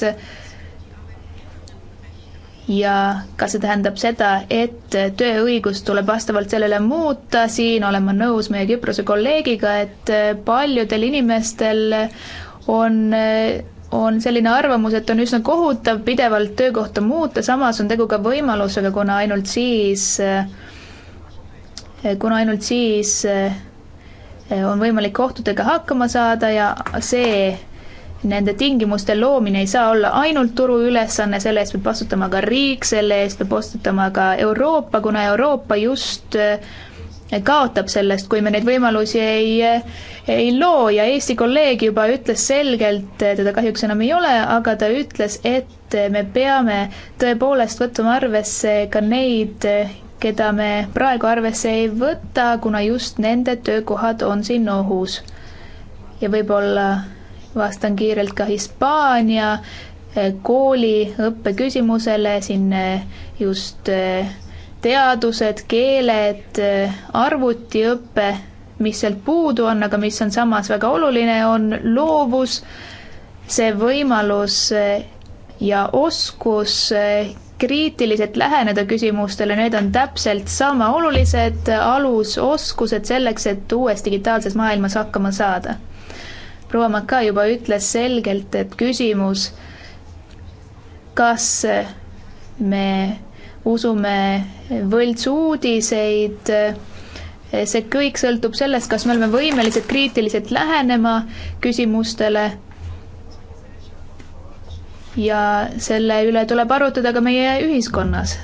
ja ka see tähendab seda, et tööõigust tuleb vastavalt sellele muuta, siin olen ma nõus meie Küprose kolleegiga, et paljudel inimestel on on selline arvamus, et on üsna kohutav pidevalt töökohta muuta, samas on tegu ka võimalusega, kuna ainult siis, kuna ainult siis on võimalik kohtadega hakkama saada ja see nende tingimuste loomine ei saa olla ainult turu ülesanne, selle eest peab vastutama ka riik, selle eest peab vastutama ka Euroopa, kuna Euroopa just eh, kaotab sellest, kui me neid võimalusi ei, eh, ei loo ja Eesti kolleeg juba ütles selgelt, eh, teda kahjuks enam ei ole, aga ta ütles, et me peame tõepoolest võtma arvesse ka neid, keda me praegu arvesse ei võta, kuna just nende töökohad on siin ohus. ja võib-olla vastan kiirelt ka Hispaania eh, kooli õppeküsimusele, siin eh, just eh, teadused, keeled, arvutiõpe, mis sealt puudu on, aga mis on samas väga oluline, on loovus, see võimalus ja oskus kriitiliselt läheneda küsimustele, need on täpselt sama olulised alusoskused selleks, et uues digitaalses maailmas hakkama saada proua Maka juba ütles selgelt, et küsimus, kas me usume võltsuudiseid, see kõik sõltub sellest, kas me oleme võimelised kriitiliselt lähenema küsimustele. ja selle üle tuleb arutada ka meie ühiskonnas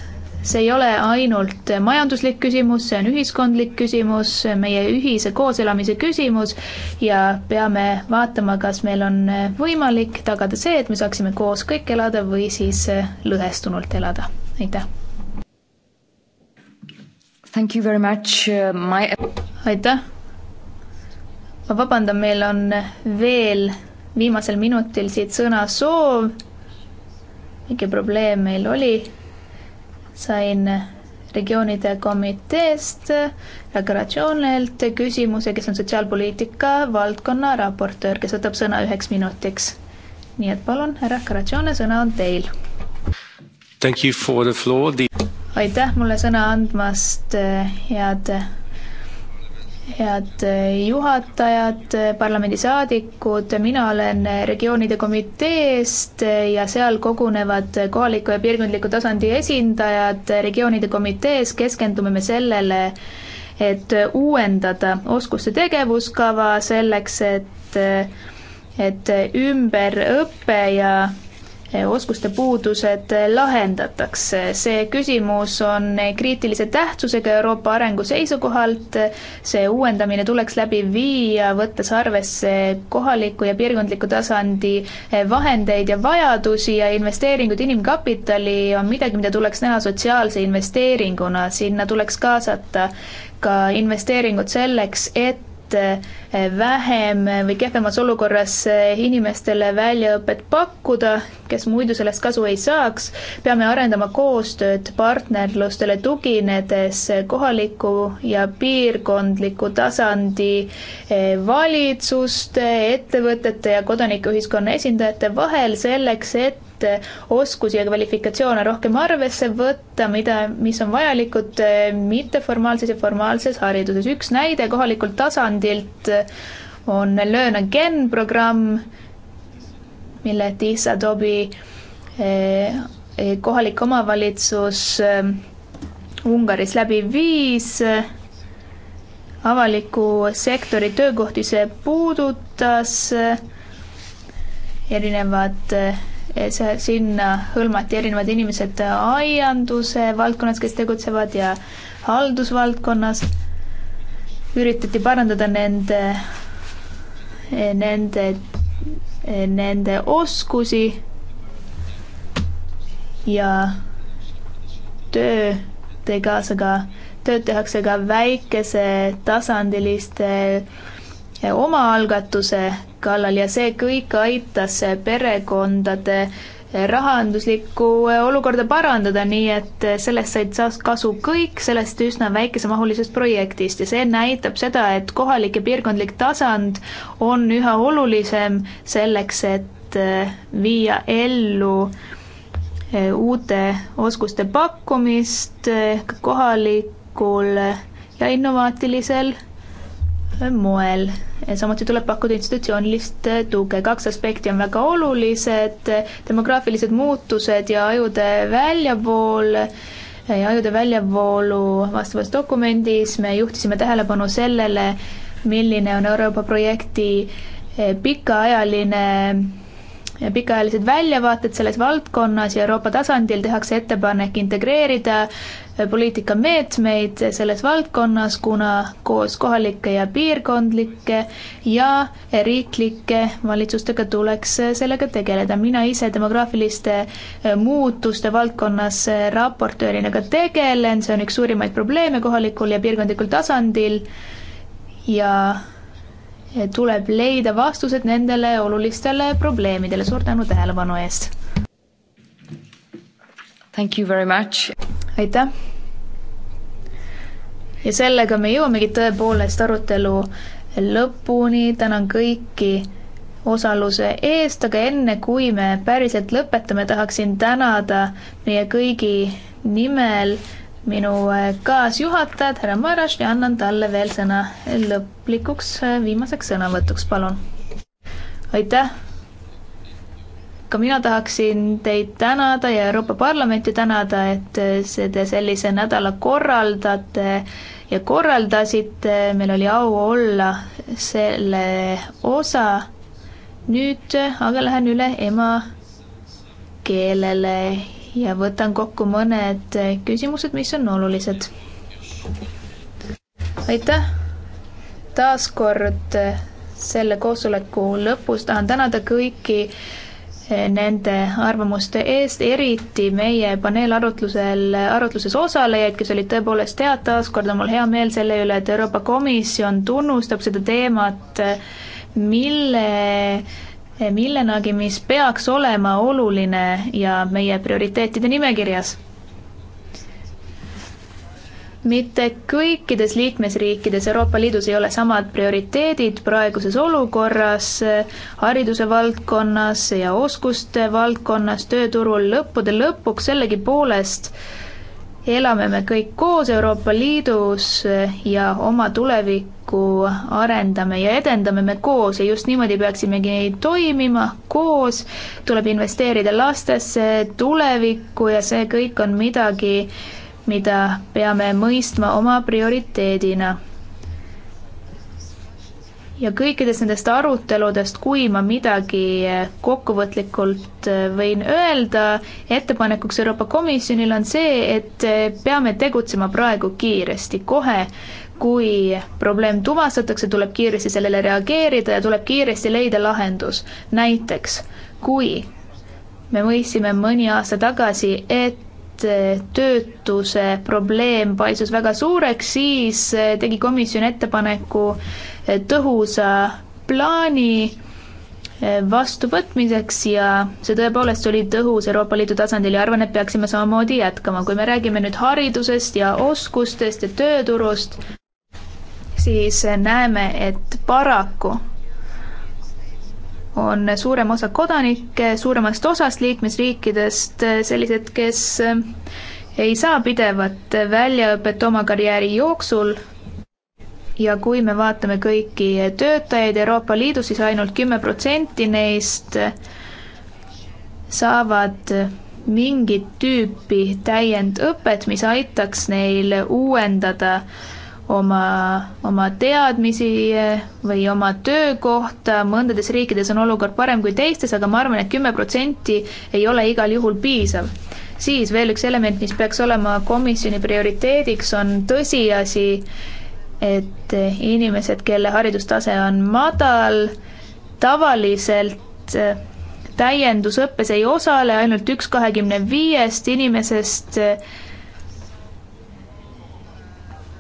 see ei ole ainult majanduslik küsimus, see on ühiskondlik küsimus, meie ühise kooselamise küsimus ja peame vaatama, kas meil on võimalik tagada see, et me saaksime koos kõik elada või siis lõhestunult elada. aitäh! Thank you very much uh, My..., aitäh! ma vabandan, meil on veel viimasel minutil siit sõnasoov. mingi probleem meil oli sain regioonide komiteest Ragnar Joonelt küsimuse, kes on sotsiaalpoliitika valdkonna raportöör, kes võtab sõna üheks minutiks. nii et palun, härra Karatsioone, sõna on teil. Thank you for the floor the.... aitäh mulle sõna andmast, head head eh, juhatajad, eh, parlamendisaadikud, mina olen eh, regioonide komiteest ja seal kogunevad kohaliku ja piirkondliku tasandi esindajad regioonide komitees, keskendume me sellele, et uuendada oskuste tegevuskava selleks, et et ümberõpe ja oskuste puudused lahendatakse. see küsimus on kriitilise tähtsusega Euroopa arengu seisukohalt, see uuendamine tuleks läbi viia, võttes arvesse kohaliku ja piirkondliku tasandi vahendeid ja vajadusi ja investeeringud inimkapitali on midagi, mida tuleks näha sotsiaalse investeeringuna, sinna tuleks kaasata ka investeeringud selleks, et et eh, vähem või kehvemas olukorras eh, inimestele väljaõpet pakkuda, kes muidu sellest kasu ei saaks. peame arendama koostööd partnerlustele tuginedes kohaliku ja piirkondliku tasandi eh, valitsuste, ettevõtete ja kodanikuühiskonna esindajate vahel selleks, et neid eh, oskusi ja kvalifikatsioone rohkem arvesse võtta, mida, mis on vajalikud eh, mitteformaalses ja formaalses hariduses. üks näide kohalikult tasandilt eh, on Learn Again programm, mille Tiis Adobi kohalik omavalitsus Ungaris läbi viis avaliku sektori töökohti see puudutas, erinevad Eh, see, sinna äh, hõlmati erinevad inimesed äh, aianduse valdkonnas, kes tegutsevad ja haldusvaldkonnas. üritati parandada nende, eh, nende, eh, nende oskusi ja töötegevusega, tööd tehakse ka väikese tasandiliste omaalgatuse kallal ja see kõik aitas perekondade rahanduslikku äh, olukorda parandada, nii et äh, sellest said kasu kõik sellest üsna väikesemahulisest projektist ja see näitab seda, et kohalik ja piirkondlik tasand on üha olulisem selleks, et äh, viia ellu uute oskuste pakkumist kohalikul ja innovaatilisel moel. samuti tuleb pakkuda institutsioonilist tuge, kaks aspekti on väga olulised, demograafilised muutused ja ajude väljapool, ajude väljavoolu vastavas dokumendis me juhtisime tähelepanu sellele, milline on Euroopa projekti eh, pikaajaline eh, pikaajalised väljavaated selles valdkonnas ja Euroopa tasandil tehakse ettepanek integreerida poliitikameetmeid selles valdkonnas, kuna koos kohalike ja piirkondlike ja riiklike valitsustega tuleks sellega tegeleda. mina ise demograafiliste eh, muutuste valdkonnas eh, raportöörina ka tegelen, see on üks suurimaid probleeme kohalikul ja piirkondlikul tasandil ja eh, tuleb leida vastused nendele olulistele probleemidele. suur tänu tähelepanu eest! Thank you very much aitäh! ja sellega me jõuamegi tõepoolest arutelu lõpuni, tänan kõiki osaluse eest, aga enne kui me päriselt lõpetame, tahaksin tänada meie kõigi nimel minu äh, kaasjuhatajat, härra Maraš ja annan talle veel sõna lõplikuks äh, viimaseks sõnavõtuks, palun. aitäh ka mina tahaksin teid tänada ja Euroopa Parlamenti tänada, et te sellise nädala korraldate ja korraldasite, meil oli au olla selle osa. nüüd aga lähen üle emakeelele ja võtan kokku mõned küsimused, mis on olulised. aitäh taas kord selle koosoleku lõpus tahan tänada kõiki äh, nende arvamuste eest, eriti meie paneelarutlusel, arutluses osalejaid, kes olid tõepoolest head, taaskord on mul hea meel selle üle, et Euroopa Komisjon tunnustab seda teemat, mille millenagi, mis peaks olema oluline ja meie prioriteetide nimekirjas mitte kõikides liikmesriikides Euroopa Liidus ei ole samad prioriteedid praeguses olukorras hariduse valdkonnas ja oskuste valdkonnas tööturul lõppude lõpuks sellegipoolest elame me kõik koos Euroopa Liidus ja oma tulevikku arendame ja edendame me koos ja just niimoodi peaksimegi toimima koos, tuleb investeerida lastesse, tulevikku ja see kõik on midagi, mida peame mõistma oma prioriteedina. ja kõikidest nendest aruteludest, kui ma midagi kokkuvõtlikult äh, võin öelda, ettepanekuks Euroopa Komisjonil on see, et äh, peame tegutsema praegu kiiresti, kohe, kui probleem tuvastatakse, tuleb kiiresti sellele reageerida ja tuleb kiiresti leida lahendus. näiteks, kui me mõistsime mõni aasta tagasi, et et eh, töötuse probleem paisus väga suureks, siis eh, tegi komisjon ettepaneku eh, tõhusa plaani vastuvõtmiseks ja see tõepoolest oli tõhus Euroopa Liidu tasandil ja arvan, et peaksime samamoodi jätkama. kui me räägime nüüd haridusest ja oskustest ja tööturust, siis näeme, et paraku on suurem osa kodanikke suuremast osast liikmesriikidest sellised, kes eh, ei saa pidevat väljaõpet oma karjääri jooksul. ja kui me vaatame kõiki töötajaid Euroopa Liidus, siis ainult kümme protsenti neist saavad mingit tüüpi täiendõpet, mis aitaks neil uuendada äh, oma, oma teadmisi eh, või oma töökohta, mõndades riikides on olukord parem kui teistes, aga ma arvan et, et kümme protsenti ei ole igal juhul piisav. siis veel üks element, mis peaks olema komisjoni prioriteediks, on tõsiasi, et inimesed, kelle haridustase on madal, tavaliselt eh, täiendusõppes ei osale, ainult üks kahekümne viiest inimesest äh,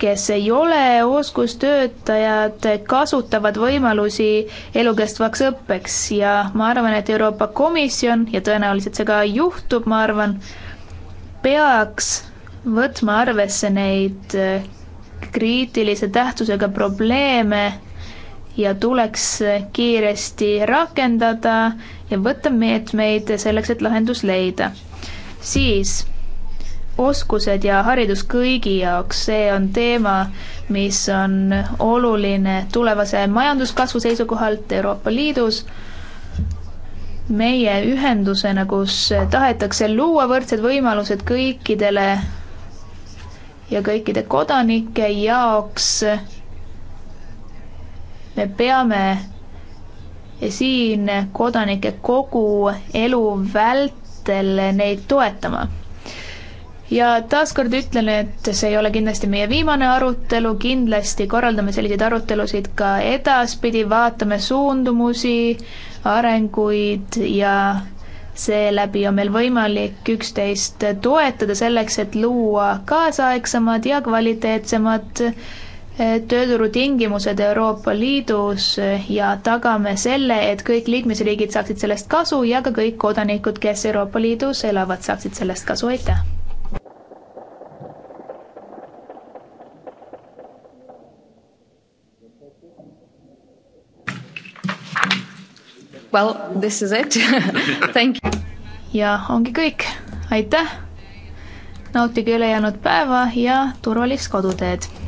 kes ei ole oskustöötajad, kasutavad võimalusi elukestvaks õppeks ja ma arvan, et Euroopa Komisjon ja tõenäoliselt see ka juhtub, ma arvan, peaks võtma arvesse neid äh, kriitilise tähtsusega probleeme ja tuleks äh, kiiresti rakendada ja võtta meetmeid selleks, et lahendus leida. siis oskused ja haridus kõigi jaoks, see on teema, mis on oluline tulevase majanduskasvu seisukohalt Euroopa Liidus. meie ühendusena, kus tahetakse luua võrdsed võimalused kõikidele ja kõikide kodanike jaoks, me peame siin kodanike kogu elu vältel neid toetama ja taaskord ütlen, et see ei ole kindlasti meie viimane arutelu, kindlasti korraldame selliseid arutelusid ka edaspidi, vaatame suundumusi, arenguid ja seeläbi on meil võimalik üksteist toetada selleks, et luua kaasaegsemad ja kvaliteetsemad eh, tööturutingimused Euroopa Liidus ja tagame selle, et kõik liikmesriigid saaksid sellest kasu ja ka kõik kodanikud, kes Euroopa Liidus elavad, saaksid sellest kasu, aitäh! Well, this is it [LAUGHS] Thank you. ja ongi kõik, aitäh. nautige ülejäänud päeva ja turvalist koduteed